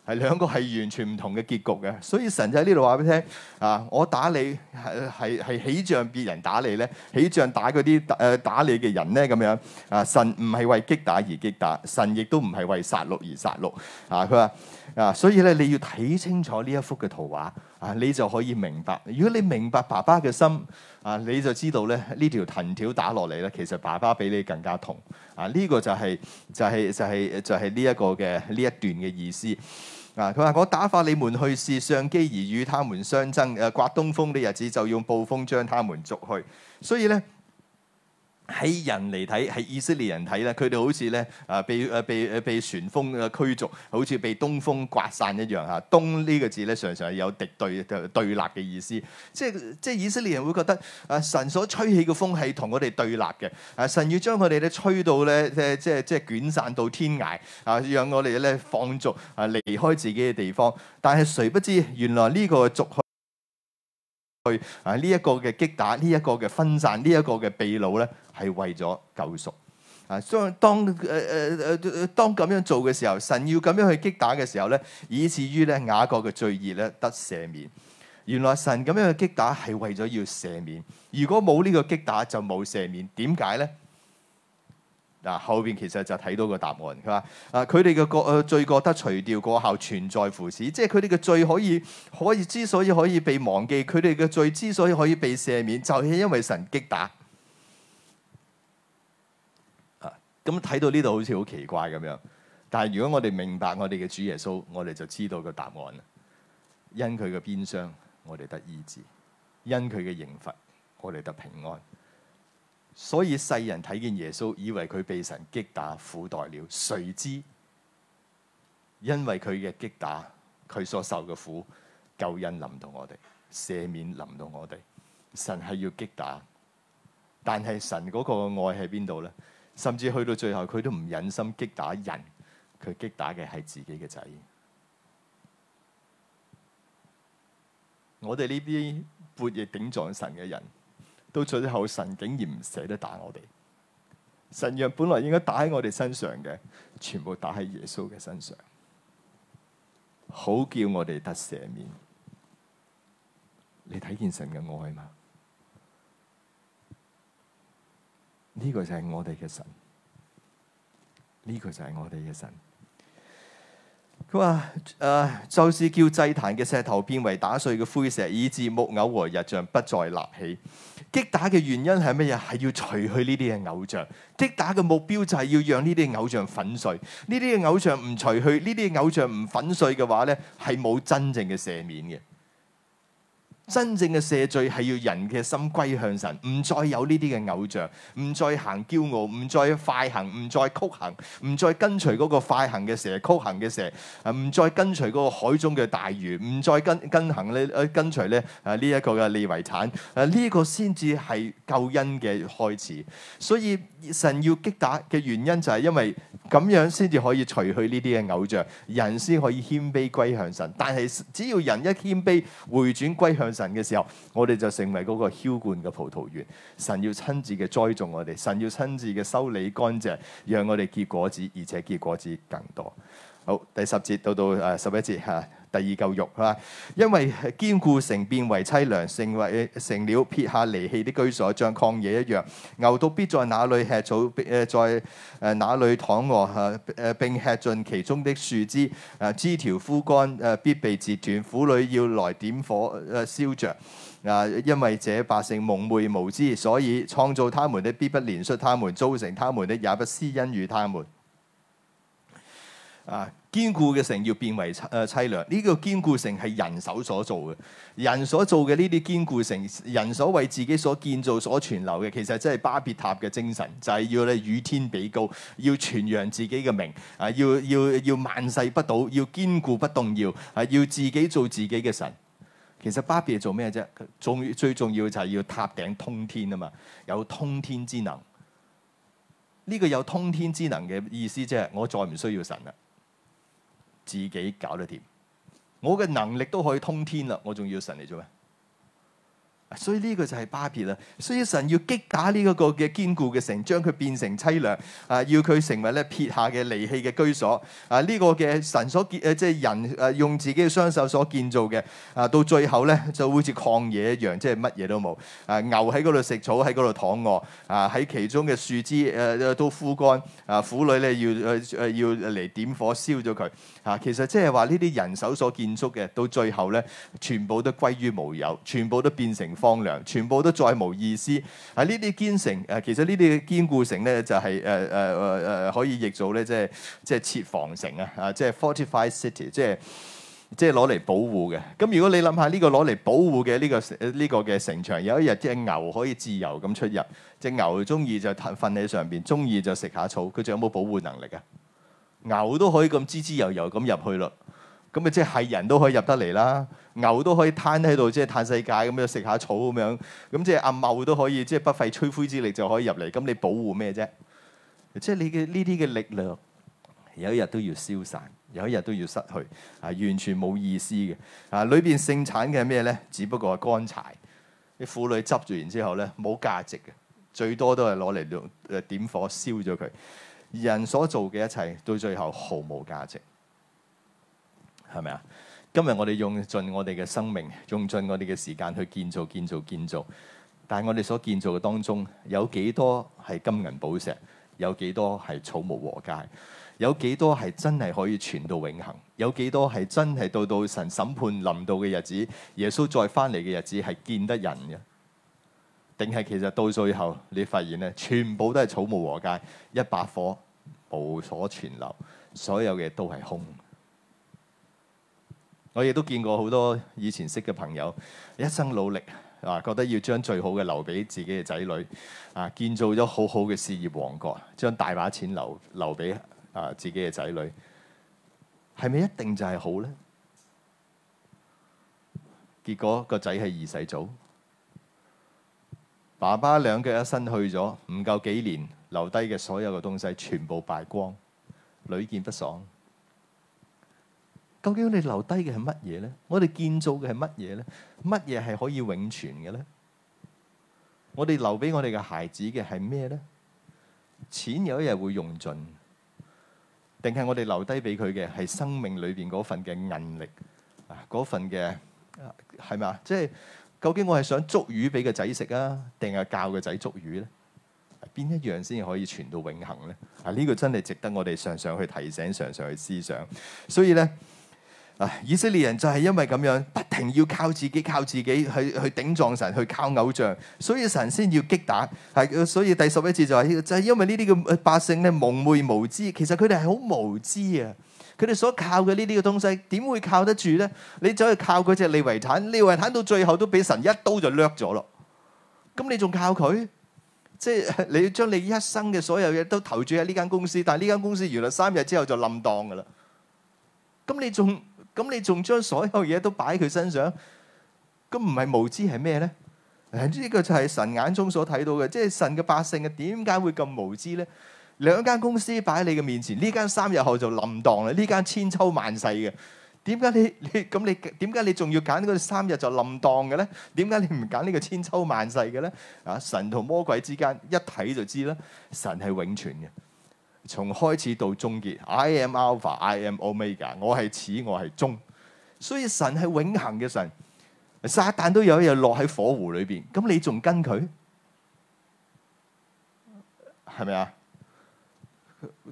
係兩個係完全唔同嘅結局嘅，所以神就喺呢度話俾你聽啊！我打你係係係起仗，別人打你咧，起仗打嗰啲誒打你嘅人咧，咁樣啊！神唔係為擊打而擊打，神亦都唔係為殺戮而殺戮啊！佢話啊，所以咧你要睇清楚呢一幅嘅圖畫啊，你就可以明白。如果你明白爸爸嘅心啊，你就知道咧呢條藤條打落嚟，咧，其實爸爸比你更加痛啊！呢個就係就係就係就係呢一個嘅呢一段嘅意思。啊！佢話：我打發你們去是相機，而與他們相爭。誒、呃，刮東風的日子就用暴風將他們逐去。所以咧。喺人嚟睇，係以色列人睇咧，佢哋好似咧啊，被啊被啊被旋風啊驅逐，好似被東風刮散一樣嚇、啊。東呢個字咧，常常係有敵對對立嘅意思，即係即係以色列人會覺得啊，神所吹起嘅風係同我哋對立嘅，啊神要將佢哋咧吹到咧即係即係即係捲散到天涯啊，讓我哋咧放逐啊離開自己嘅地方。Zipper, 但係誰不知原來呢個逐去啊呢一個嘅擊打，呢一個嘅分散，呢一個嘅秘魯咧。係為咗救贖啊！所以當誒誒誒，當咁樣做嘅時候，神要咁樣去擊打嘅時候咧，以至於咧雅各嘅罪孽咧得赦免。原來神咁樣去擊打係為咗要赦免。如果冇呢個擊打就冇赦免。點解咧？嗱、啊、後邊其實就睇到個答案。佢話啊，佢哋嘅過罪過得除掉嘅果效，全在乎此。即係佢哋嘅罪可以可以，可以之所以可以被忘記，佢哋嘅罪之所以可以被赦免，就係、是、因為神擊打。咁睇到呢度好似好奇怪咁樣，但係如果我哋明白我哋嘅主耶穌，我哋就知道個答案啦。因佢嘅鞭傷，我哋得醫治；因佢嘅刑罰，我哋得平安。所以世人睇見耶穌，以為佢被神擊打苦待了，誰知因為佢嘅擊打，佢所受嘅苦，救恩臨到我哋，赦免臨到我哋。神係要擊打，但係神嗰個愛喺邊度呢？甚至去到最後，佢都唔忍心擊打人，佢擊打嘅係自己嘅仔。我哋呢啲叛逆頂撞神嘅人，到最後神竟然唔捨得打我哋，神將本來應該打喺我哋身上嘅，全部打喺耶穌嘅身上，好叫我哋得赦免。你睇見神嘅愛嗎？呢個就係我哋嘅神，呢個就係我哋嘅神。佢話誒，就是叫祭壇嘅石頭變為打碎嘅灰石，以致木偶和日像不再立起。擊打嘅原因係乜嘢？係要除去呢啲嘅偶像。擊打嘅目標就係要讓呢啲偶像粉碎。呢啲嘅偶像唔除去，呢啲嘅偶像唔粉碎嘅話呢，係冇真正嘅赦免嘅。真正嘅赦罪係要人嘅心歸向神，唔再有呢啲嘅偶像，唔再行驕傲，唔再快行，唔再曲行，唔再跟隨個快行嘅蛇，曲行嘅蛇，唔再跟隨個海中嘅大魚，唔再跟跟行咧、跟隨咧誒呢一、啊啊這個嘅利維坦，呢、啊這個先至係救恩嘅開始。所以神要擊打嘅原因就係因為咁樣先至可以除去呢啲嘅偶像，人先可以謙卑歸向神。但係只要人一謙卑，回轉歸向。神嘅時候，我哋就成為嗰個囂冠嘅葡萄園。神要親自嘅栽種我哋，神要親自嘅修理乾淨，讓我哋結果子，而且結果子更多。好，第十節到到誒、啊、十一節嚇、啊，第二嚿肉係、啊、因為堅固城變為凄涼，成為成了撇下離棄的居所，像曠野一樣。牛犢必在那裏吃草，誒、呃、在誒那裏躺卧嚇，誒、啊、並吃盡其中的樹枝。誒、啊、枝條枯乾誒、啊，必被截斷。婦女要來點火誒、啊、燒着。啊，因為這百姓蒙昧無知，所以創造他們的必不憐恤他們，造成他們的也不施恩與他們。啊，堅固嘅城要變為誒淒涼，呢、這個堅固城係人手所做嘅，人所做嘅呢啲堅固城，人所為自己所建造、所存留嘅，其實真係巴別塔嘅精神，就係、是、要你與天比高，要傳揚自己嘅名，啊，要要要萬世不倒，要堅固不動搖，啊，要自己做自己嘅神。其實巴別做咩啫？重最重要就係要塔頂通天啊嘛，有通天之能。呢、這個有通天之能嘅意思、就是，即係我再唔需要神啦。自己搞得掂，我嘅能力都可以通天啦，我仲要神嚟做咩？所以呢個就係巴別啦，所以神要擊打呢個嘅堅固嘅城，將佢變成凄涼啊，要佢成為咧撇下嘅離棄嘅居所啊。呢個嘅神所建，誒即係人誒用自己嘅雙手所建造嘅啊，到最後咧就好似曠野一樣，即係乜嘢都冇啊。牛喺度食草，喺度躺臥啊，喺其中嘅樹枝誒誒、啊、都枯乾啊，婦女咧要誒誒、啊、要嚟點火燒咗佢啊。其實即係話呢啲人手所建築嘅，到最後咧全部都歸於無有，全部都變成。荒涼，全部都再無意思。喺呢啲堅城，誒、啊、其實呢啲堅固城咧就係誒誒誒誒，可以譯做咧即係即係設防城啊，啊即係 fortified city，即係即係攞嚟保護嘅。咁、啊、如果你諗下呢個攞嚟保護嘅呢、呢個呢、呢個嘅、呢個、城牆，有一日隻牛可以自由咁出入，隻牛中意就瞓喺上邊，中意就食下草，佢仲有冇保護能力啊？牛都可以咁滋滋悠悠咁入去啦。咁咪即係人都可以入得嚟啦，牛都可以攤喺度，即係嘆世界咁樣食下草咁樣，咁即係阿茂都可以即係不費吹灰之力就可以入嚟。咁你保護咩啫？即係你嘅呢啲嘅力量，有一日都要消散，有一日都要失去，啊完全冇意思嘅。啊裏邊盛產嘅咩咧？只不過係乾柴，啲婦女執住然之後咧冇價值嘅，最多都係攞嚟呃點火燒咗佢。人所做嘅一切到最後毫無價值。係咪啊？今日我哋用盡我哋嘅生命，用盡我哋嘅時間去建造、建造、建造。但係我哋所建造嘅當中，有幾多係金銀寶石？有幾多係草木禾秸？有幾多係真係可以傳到永恒？有幾多係真係到到神審判臨到嘅日子，耶穌再翻嚟嘅日子係見得人嘅？定係其實到最後你發現呢，全部都係草木禾秸，一把火無所存留，所有嘅都係空。我亦都見過好多以前識嘅朋友，一生努力啊，覺得要將最好嘅留俾自己嘅仔女，啊，建造咗好好嘅事業王國，將大把錢留留俾啊自己嘅仔女，係咪一定就係好呢？結果個仔係二世祖，爸爸兩腳一伸去咗，唔夠幾年，留低嘅所有嘅東西全部敗光，屢見不爽。究竟我哋留低嘅係乜嘢咧？我哋建造嘅係乜嘢咧？乜嘢係可以永存嘅咧？我哋留俾我哋嘅孩子嘅係咩咧？錢有一日會用盡，定係我哋留低俾佢嘅係生命裏邊嗰份嘅韌力啊，嗰份嘅係咪啊？即係究竟我係想捉魚俾個仔食啊，定係教個仔捉魚咧？邊一樣先可以傳到永恆咧？啊，呢個真係值得我哋常常去提醒、常常去思想。所以咧。啊！以色列人就係因為咁樣，不停要靠自己，靠自己去去頂撞神，去靠偶像，所以神先要擊打。係，所以第十一次就係就係因為呢啲嘅百姓咧蒙昧無知，其實佢哋係好無知啊！佢哋所靠嘅呢啲嘅東西點會靠得住咧？你走去靠嗰隻利維坦，利維坦到最後都俾神一刀就掠咗咯。咁你仲靠佢？即係你要將你一生嘅所有嘢都投注喺呢間公司，但係呢間公司原來三日之後就冧檔噶啦。咁你仲？咁你仲將所有嘢都擺喺佢身上，咁唔係無知係咩咧？呢、哎呢個就係神眼中所睇到嘅，即係神嘅百姓啊，點解會咁無知咧？兩間公司擺喺你嘅面前，呢間三日後就冧檔啦，呢間千秋萬世嘅，點解你你咁你點解你仲要揀呢個三日就冧檔嘅咧？點解你唔揀呢個千秋萬世嘅咧？啊，神同魔鬼之間一睇就知啦，神係永存嘅。從開始到終結，I am Alpha，I am Omega，我係始，我係終，所以神係永恆嘅神，撒旦都有一日落喺火湖裏邊，咁你仲跟佢，係咪啊？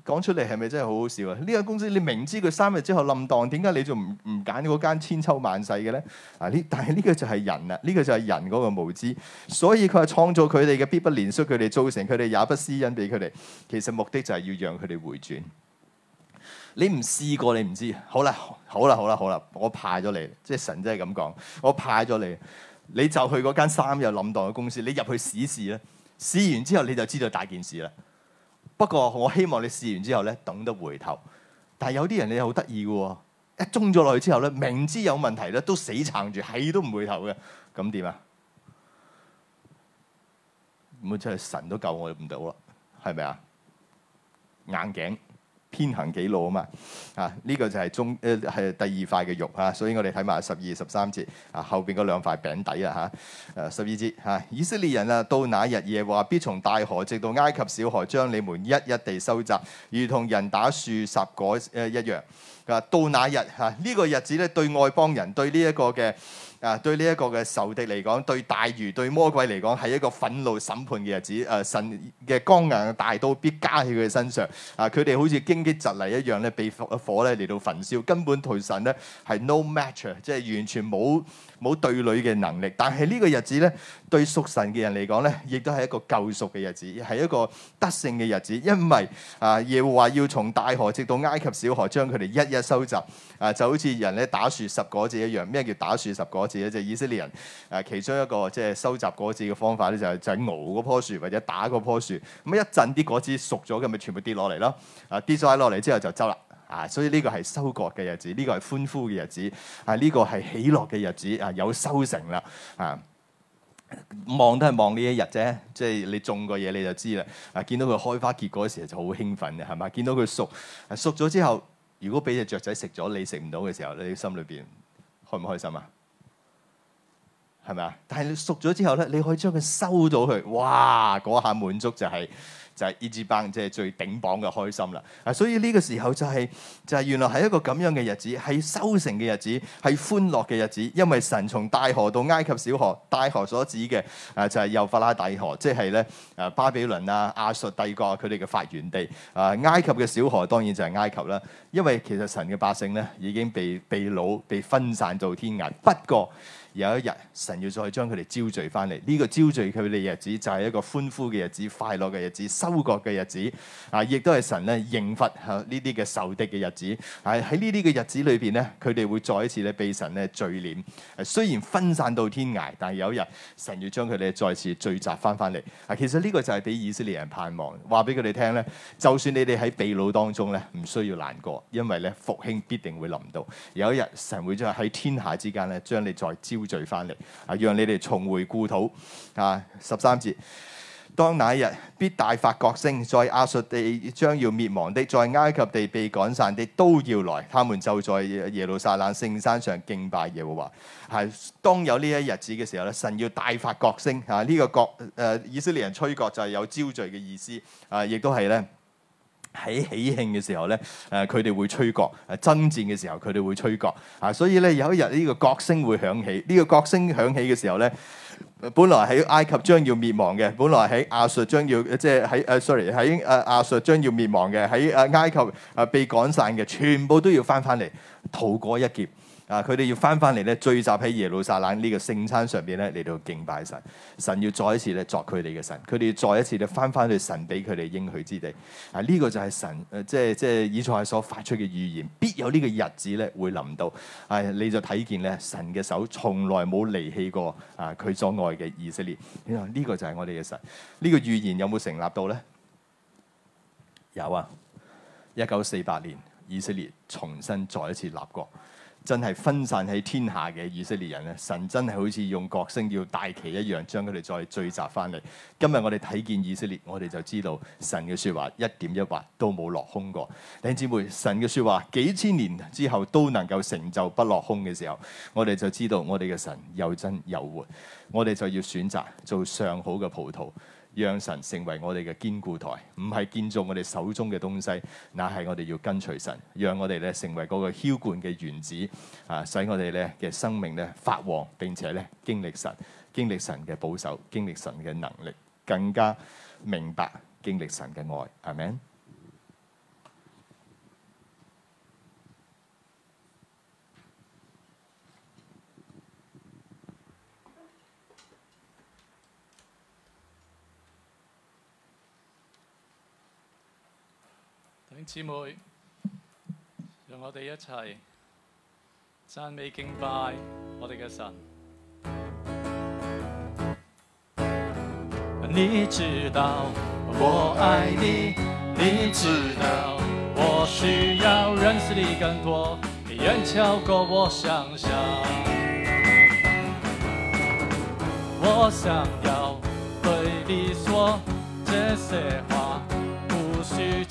講出嚟係咪真係好好笑啊？呢個公司你明知佢三日之後冧檔，點解你仲唔唔揀嗰間千秋萬世嘅咧？嗱、啊，呢但係呢個就係人啦，呢、呢個就係人嗰個無知。所以佢係創造佢哋嘅必不憐恤佢哋，造成佢哋也不施恩俾佢哋。其實目的就係要讓佢哋回轉。你唔試過你唔知。好啦，好啦，好啦，好啦，我派咗你，即係神真係咁講，我派咗你，你就去嗰間三日冧檔嘅公司，你入去試一試啦。試完之後你就知道大件事啦。不過我希望你試完之後咧懂得回頭，但係有啲人你好得意嘅喎，一中咗落去之後咧，明知有問題咧都死撐住，係都唔回頭嘅，咁點啊？咁真係神都救我唔到啦，係咪啊？硬頸。偏行己路啊嘛，啊呢、這個就係中，誒係、呃、第二塊嘅肉啊，所以我哋睇埋十二十三節啊，後邊嗰兩塊餅底啊，嚇誒十二節嚇、啊，以色列人啊到那日，耶和華必從大河直到埃及小河，將你們一一地收集，如同人打樹拾果誒、啊、一樣。啊到那日嚇呢、啊這個日子咧對外邦人對呢一個嘅。啊，對呢一個嘅仇敵嚟講，對大魚、對魔鬼嚟講，係一個憤怒審判嘅日子。誒、呃，神嘅剛硬大刀必加喺佢哋身上。啊，佢哋好似荊棘蒺藜一樣咧，被火咧嚟到焚燒，根本同神咧係 no match，er，即係完全冇。冇對壘嘅能力，但係呢個日子咧，對屬神嘅人嚟講咧，亦都係一個救贖嘅日子，係一個得勝嘅日子，因為啊，耶和華要從大河直到埃及小河，將佢哋一一收集啊，就好似人咧打樹拾果子一樣。咩叫打樹拾果子咧？就係、是、以色列人誒、啊、其中一個即係收集果子嘅方法咧，就係、是、就係、是、熬嗰棵樹或者打嗰棵樹，咁一陣啲果子熟咗，咁咪全部跌落嚟咯，啊，跌曬落嚟之後就走啦。啊！所以呢個係收割嘅日子，呢個係歡呼嘅日子，啊呢個係喜樂嘅日子啊！有收成啦啊！望都係望呢一日啫，即係你種過嘢你就知啦啊！見到佢開花結果嘅時候就好興奮嘅係咪？見到佢熟、啊、熟咗之後，如果俾隻雀仔食咗你食唔到嘅時候，你心裏邊開唔開心啊？係咪啊？但係你熟咗之後咧，你可以將佢收到佢，哇！嗰下滿足就係～就係 E 字榜，即係最頂榜嘅開心啦！啊，所以呢個時候就係、是、就係、是、原來係一個咁樣嘅日子，係收成嘅日子，係歡樂嘅日子，因為神從大河到埃及小河，大河所指嘅啊就係幼發拉底河，即係咧啊巴比倫啊亞述帝國佢哋嘅發源地啊，埃及嘅小河當然就係埃及啦，因為其實神嘅百姓咧已經被被擄被分散到天涯，不過，有一日神要再將佢哋招聚翻嚟，呢、這個招聚佢哋日子就係一個歡呼嘅日子、快樂嘅日子、收割嘅日子，啊，亦都係神咧應罰嚇呢啲嘅、啊、受敵嘅日子。係喺呢啲嘅日子裏邊咧，佢哋會再一次咧被神咧聚斂。雖然分散到天涯，但係有一日神要將佢哋再次聚集翻翻嚟。啊，其實呢個就係俾以色列人盼望，話俾佢哋聽咧，就算你哋喺被擄當中咧，唔需要難過，因為咧復興必定會臨到。有一日神會再喺天下之間咧，將你再招。聚翻嚟，啊，讓你哋重回故土。啊，十三節，當那一日必大發角聲，在亞述地將要滅亡的，在埃及地被趕散的都要來，他們就在耶路撒冷聖山上敬拜耶和華。係、啊、當有呢一日子嘅時候咧，神要大發角聲。啊，呢、這個角誒、啊，以色列人吹角就係有招聚嘅意思。啊，亦都係咧。喺喜慶嘅時候咧，誒佢哋會吹角；誒爭戰嘅時候，佢、啊、哋會吹角。啊，所以咧有一日呢個角聲會響起，呢、這個角聲響起嘅時候咧，本來喺埃及將要滅亡嘅，本來喺亞述將要即係喺誒 sorry 喺誒、uh, 亞述將要滅亡嘅，喺誒埃及誒被趕散嘅，全部都要翻返嚟逃過一劫。啊！佢哋要返返嚟咧，聚集喺耶路撒冷呢個聖餐上面咧，嚟到敬拜神。神要再一次咧作佢哋嘅神，佢哋要再一次咧返返去神俾佢哋應許之地。啊！呢、這個就係神誒、呃，即係即係以賽所發出嘅預言，必有呢個日子咧會臨到。係、啊、你就睇見咧，神嘅手從來冇離棄過啊！佢所愛嘅以色列，呢、這個就係我哋嘅神。呢、這個預言有冇成立到咧？有啊！一九四八年，以色列重新再一次立國。真係分散喺天下嘅以色列人咧，神真係好似用角聲要大旗一樣，將佢哋再聚集翻嚟。今日我哋睇見以色列，我哋就知道神嘅説話一點一劃都冇落空過。弟兄姊妹，神嘅説話幾千年之後都能夠成就不落空嘅時候，我哋就知道我哋嘅神又真又活。我哋就要選擇做上好嘅葡萄。讓神成為我哋嘅堅固台，唔係建造我哋手中嘅東西，那係我哋要跟隨神，讓我哋咧成為嗰個囂罐嘅原子，啊，使我哋咧嘅生命咧發旺，並且咧經歷神、經歷神嘅保守、經歷神嘅能力，更加明白經歷神嘅愛。阿門。姊妹，讓我哋一齊讚美敬拜我哋嘅神。你知道我愛你，你知道我需要認識你更多，你遠超過我想象。我想要對你說這些話。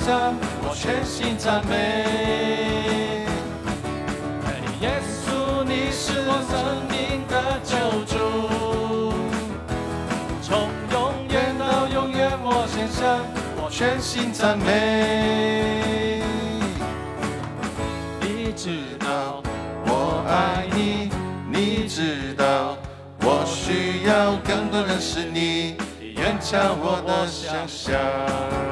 我全心讚美，hey, 耶穌，你是我生命的救主，從永遠到永遠，我獻上我全心讚美。你知道我愛你，你知道我需要更多認識你，你遠超我的想象。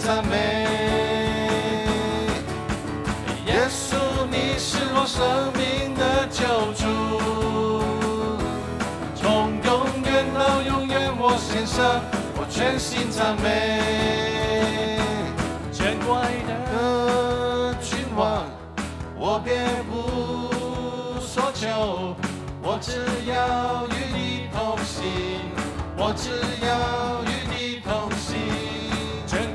讚美，耶穌，你是我生命的救主，從永遠到永遠，我獻上，我全心讚美。親愛的君王，我別無所求，我只要與你同行，我只要與你。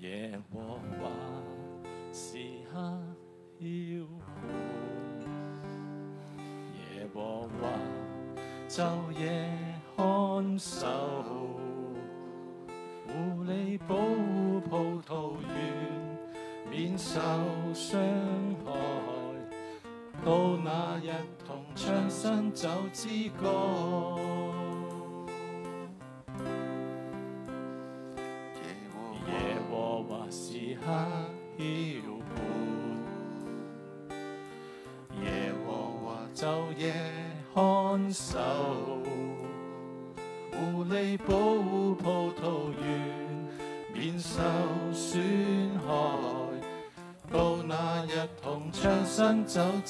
耶和華時刻澆灌，耶和華晝夜看守，護理保護葡萄園免受傷害，到那日同唱新酒之歌。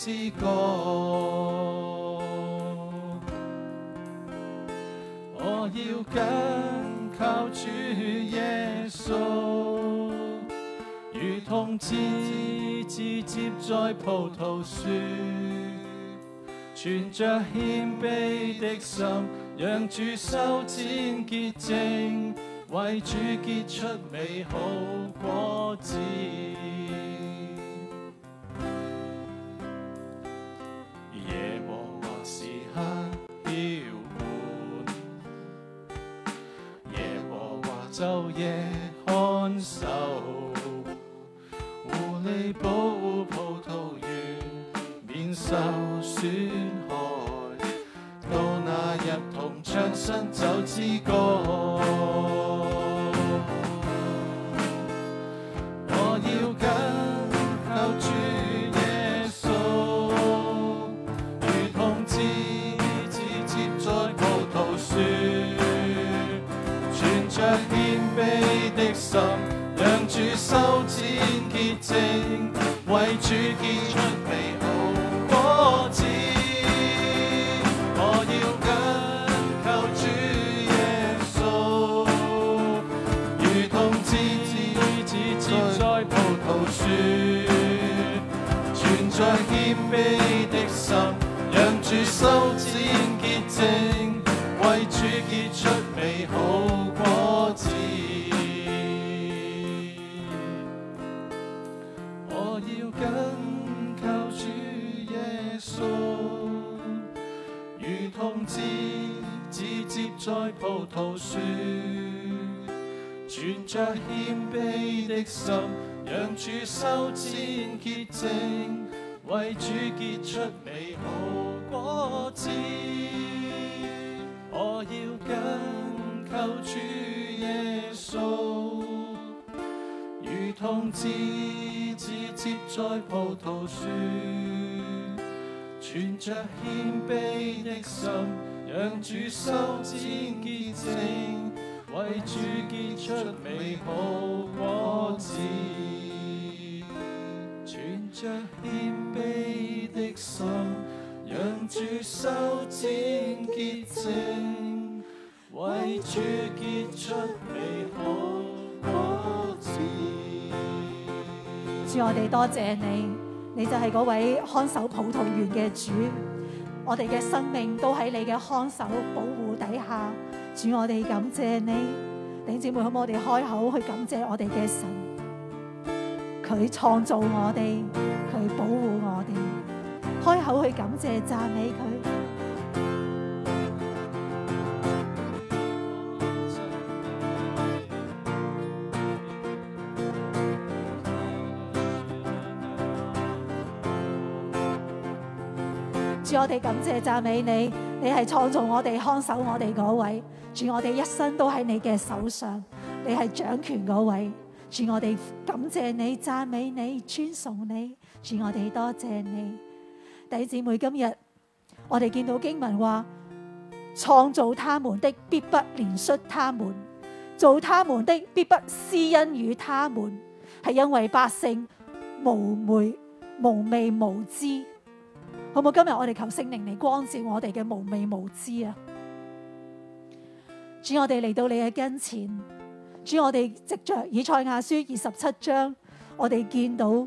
詩歌，我要緊靠主耶穌，如同枝枝接在葡萄樹，存着謙卑的心，讓主修剪潔淨，為主結出美好果子。晝夜看守，狐狸保護葡萄園免受損害，到那日同唱新酒之歌。存着謙卑的心，讓主修剪潔淨，為主結出美好果子。我要緊靠主耶穌，如同枝子接在葡萄樹。存着謙卑的心，讓主修剪潔淨。為主結出美好果子，存着謙卑的心，讓主修剪潔淨，為主結出美好果子。主，我哋多謝，謝你，你就係嗰位看守葡萄園嘅主，我哋嘅生命都喺你嘅看守保護底下。主，我哋感謝你，弟兄姊妹，可唔可以我哋開口去感謝我哋嘅神？佢創造我哋，佢保護我哋，開口去感謝讚美佢。 主，我哋感謝讚美你，你係創造我哋、看守我哋嗰位。主，我哋一生都喺你嘅手上，你係掌權嗰位。主，我哋感謝你、讚美你、尊崇你。主，我哋多謝你，弟姊妹，今日我哋見到經文話，創造他們的必不憐恤他們，造他們的必不施恩與他們，係因為百姓蒙昧、蒙昧無知。好唔好？今日我哋求聖靈嚟光照我哋嘅蒙昧無知啊！主，我哋嚟到你嘅跟前，主，我哋藉着以賽亞書二十七章，我哋見到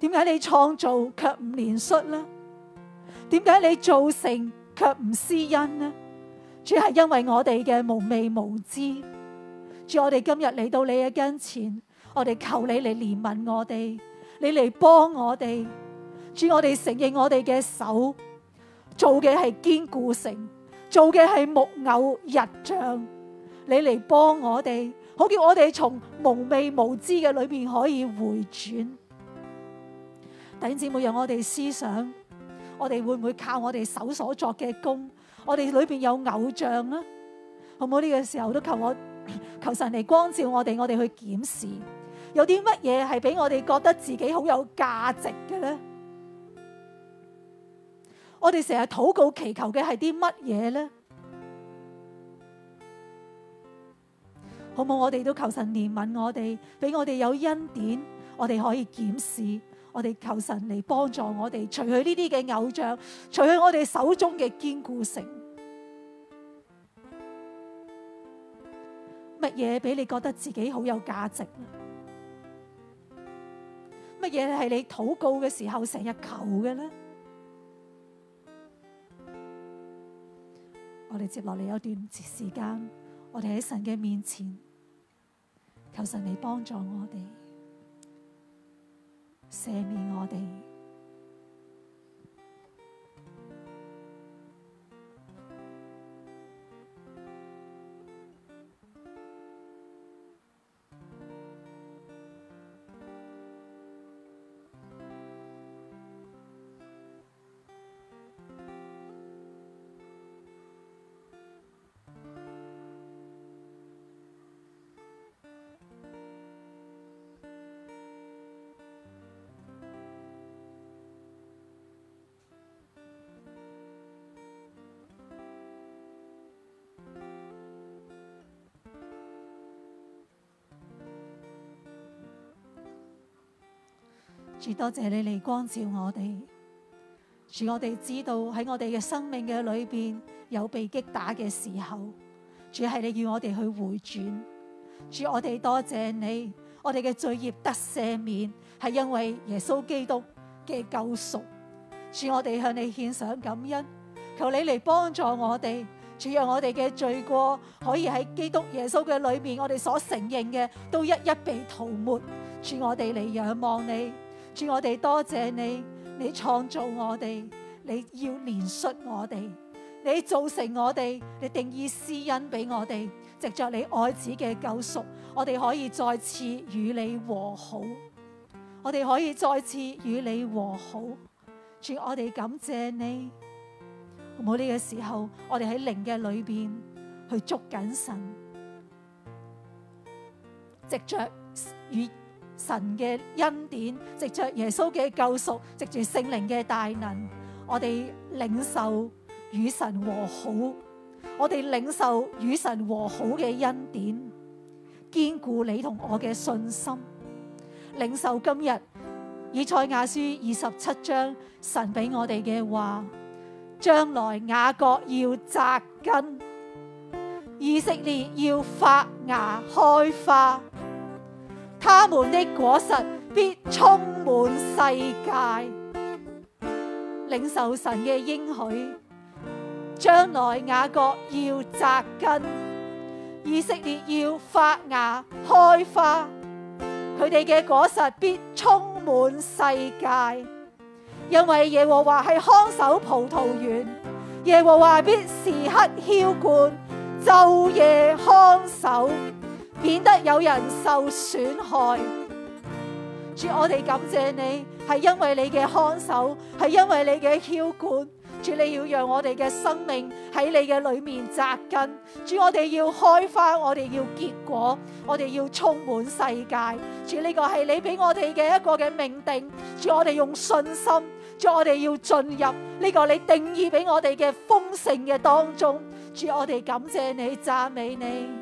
點解你創造卻唔憐恤呢？點解你造成卻唔施恩呢？主，係因為我哋嘅無味無知。主，我哋今日嚟到你嘅跟前，我哋求你嚟憐憫我哋，你嚟幫我哋。主，我哋承認我哋嘅手做嘅係堅固性。做嘅係木偶日像，你嚟幫我哋，好叫我哋從無味無知嘅裏邊可以回轉。弟兄姊妹，讓我哋思想，我哋會唔會靠我哋手所作嘅工？我哋裏邊有偶像啊？好唔好？呢個時候都求我，求神嚟光照我哋，我哋去檢視，有啲乜嘢係俾我哋覺得自己好有價值嘅咧？我哋成日禱告祈求嘅係啲乜嘢咧？好冇？我哋都求神憐憫我哋，俾我哋有恩典，我哋可以檢視。我哋求神嚟幫助我哋，除去呢啲嘅偶像，除去我哋手中嘅堅固城。乜嘢俾你覺得自己好有價值？乜嘢係你禱告嘅時候成日求嘅咧？我哋接落嚟有段時間，我哋喺神嘅面前求神嚟幫助我哋，赦免我哋。主多謝你嚟光照我哋，主我哋知道喺我哋嘅生命嘅裏邊有被擊打嘅時候，主係你要我哋去回轉。主我哋多謝你，我哋嘅罪孽得赦免，係因為耶穌基督嘅救贖。主我哋向你獻上感恩，求你嚟幫助我哋，主讓我哋嘅罪過可以喺基督耶穌嘅裏面，我哋所承認嘅都一一被塗抹。主我哋嚟仰望你。主我哋多謝你，你創造我哋，你要連述我哋，你造成我哋，你定義私恩俾我哋，藉着你愛子嘅救贖，我哋可以再次與你和好，我哋可以再次與你和好。主我哋感謝你，冇呢、這個時候，我哋喺靈嘅裏邊去捉緊神，藉着與。神嘅恩典，藉着耶穌嘅救贖，藉住聖靈嘅大能，我哋領受與神和好，我哋領受與神和好嘅恩典，堅固你同我嘅信心。領受今日以賽亞書二十七章神俾我哋嘅話，將來雅各要扎根，以色列要發芽開花。他們的果實必充滿世界，領受神嘅應許，將來雅各要扎根，以色列要發芽開花，佢哋嘅果實必充滿世界，因為耶和華係看守葡萄園，耶和華必時刻澆灌，晝夜看守。免得有人受損害，主，我哋感謝你，係因為你嘅看守，係因為你嘅看管，主，你要讓我哋嘅生命喺你嘅裏面扎根，主，我哋要開花，我哋要結果，我哋要充滿世界，主，呢個係你俾我哋嘅一個嘅命定，主，我哋用信心，主，我哋要進入呢個你定義俾我哋嘅豐盛嘅當中，主，我哋感謝你，讚美你。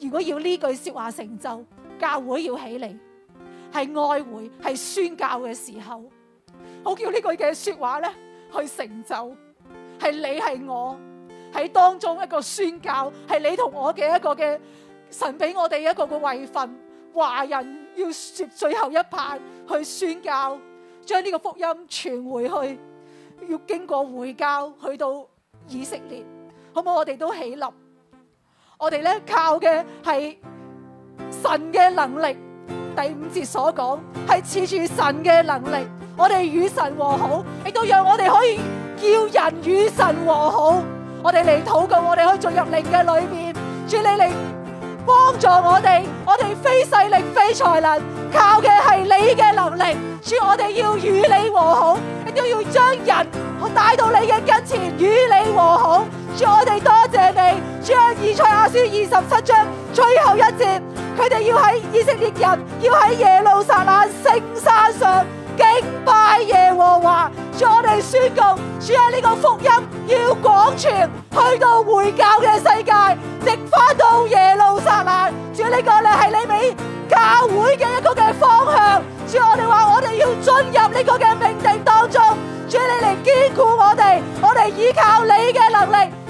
如果要呢句說話成就教會要起嚟，係愛會係宣教嘅時候，好叫呢句嘅說話咧去成就，係你係我喺當中一個宣教，係你同我嘅一個嘅神俾我哋一個個位份，華人要說最後一棒去宣教，將呢個福音傳回去，要經過回教去到以色列，好唔好？我哋都起立。我哋咧靠嘅係神嘅能力，第五節所講係恃住神嘅能力，我哋與神和好，亦都讓我哋可以叫人與神和好。我哋嚟禱告，我哋可以進入靈嘅裏面。主，你嚟幫助我哋。我哋非勢力、非才能，靠嘅係你嘅能力。主，我哋要與你和好，亦都要將人帶到你嘅跟前與你和好。主我哋多謝你，主啊，以賽亞書二十七章最後一節，佢哋要喺以色列人，要喺耶路撒冷聖山上敬拜耶和華。主，我哋宣告，主啊，呢個福音要廣傳，去到回教嘅世界，直返到耶路撒冷。主啊，呢個咧係你畀教會嘅一個嘅方向。主啊，我哋話我哋要進入呢個嘅命定當中，主啊，你嚟堅固我哋，我哋倚靠你嘅能力。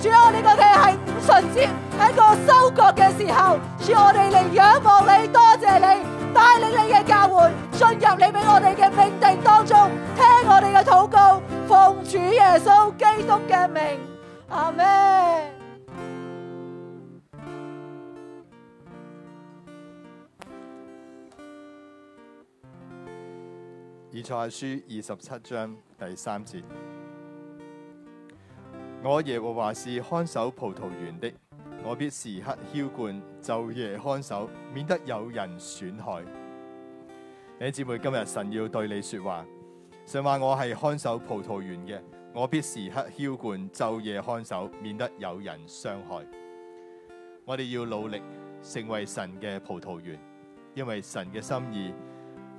主要我，我呢個嘅係五旬節，喺個收割嘅時候，主我哋嚟，仰望你，多謝你帶領你嘅教會，進入你俾我哋嘅命定當中，聽我哋嘅禱告，奉主耶穌基督嘅名。阿門。以賽書二十七章第三節。我耶和華是看守葡萄園的，我必時刻澆灌，晝夜看守，免得有人損害。弟兄姊妹，今日神要對你說話，神話我係看守葡萄園嘅，我必時刻澆灌，晝夜看守，免得有人傷害。我哋要努力成為神嘅葡萄園，因為神嘅心意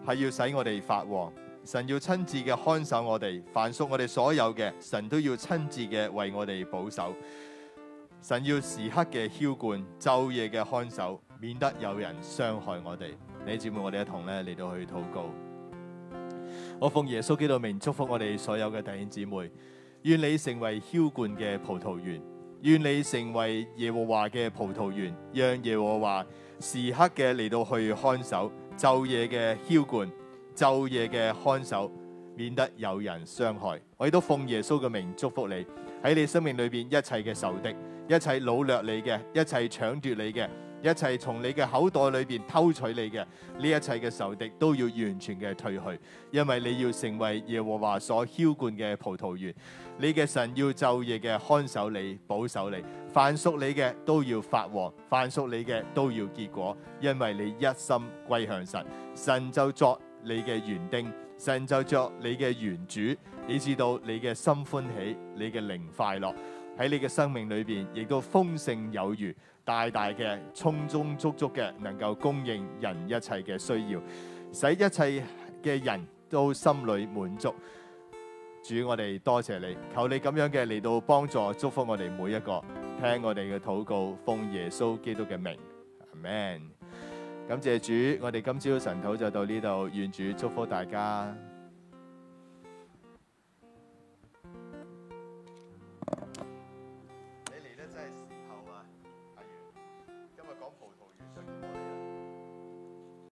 係要使我哋發旺。神要親自嘅看守我哋，凡屬我哋所有嘅，神都要親自嘅為我哋保守。神要時刻嘅澆灌，晝夜嘅看守，免得有人傷害我哋。 弟兄姊妹，我哋一同咧嚟到去禱告。我奉耶穌基督嘅名祝福我哋所有嘅弟兄姊妹，願你成為澆灌嘅葡萄園，願你成為耶和華嘅葡萄園，讓耶和華時刻嘅嚟到去看守，晝夜嘅澆灌。晝夜嘅看守，免得有人傷害。我亦都奉耶穌嘅名祝福你，喺你生命裏邊一切嘅仇敵，一切擄掠你嘅，一切搶奪你嘅，一切從你嘅口袋裏邊偷取你嘅呢一切嘅仇敵都要完全嘅退去，因為你要成為耶和華所澆灌嘅葡萄園。你嘅神要晝夜嘅看守你，保守你，凡屬你嘅都要發旺，凡屬你嘅都要結果，因為你一心歸向神，神就作，你嘅園丁，成就着你嘅園主，以致到你嘅心歡喜，你嘅靈快樂，喺你嘅生命裏邊亦都豐盛有餘，大大嘅充充足足嘅，能夠供應人一切嘅需要，使一切嘅人都心裏滿足。主我哋多謝你，求你咁樣嘅嚟到幫助祝福我哋每一個，聽我哋嘅禱告，奉耶穌基督嘅名，Amen。感謝主，我哋今朝晨禱就到呢度，願主祝福大家。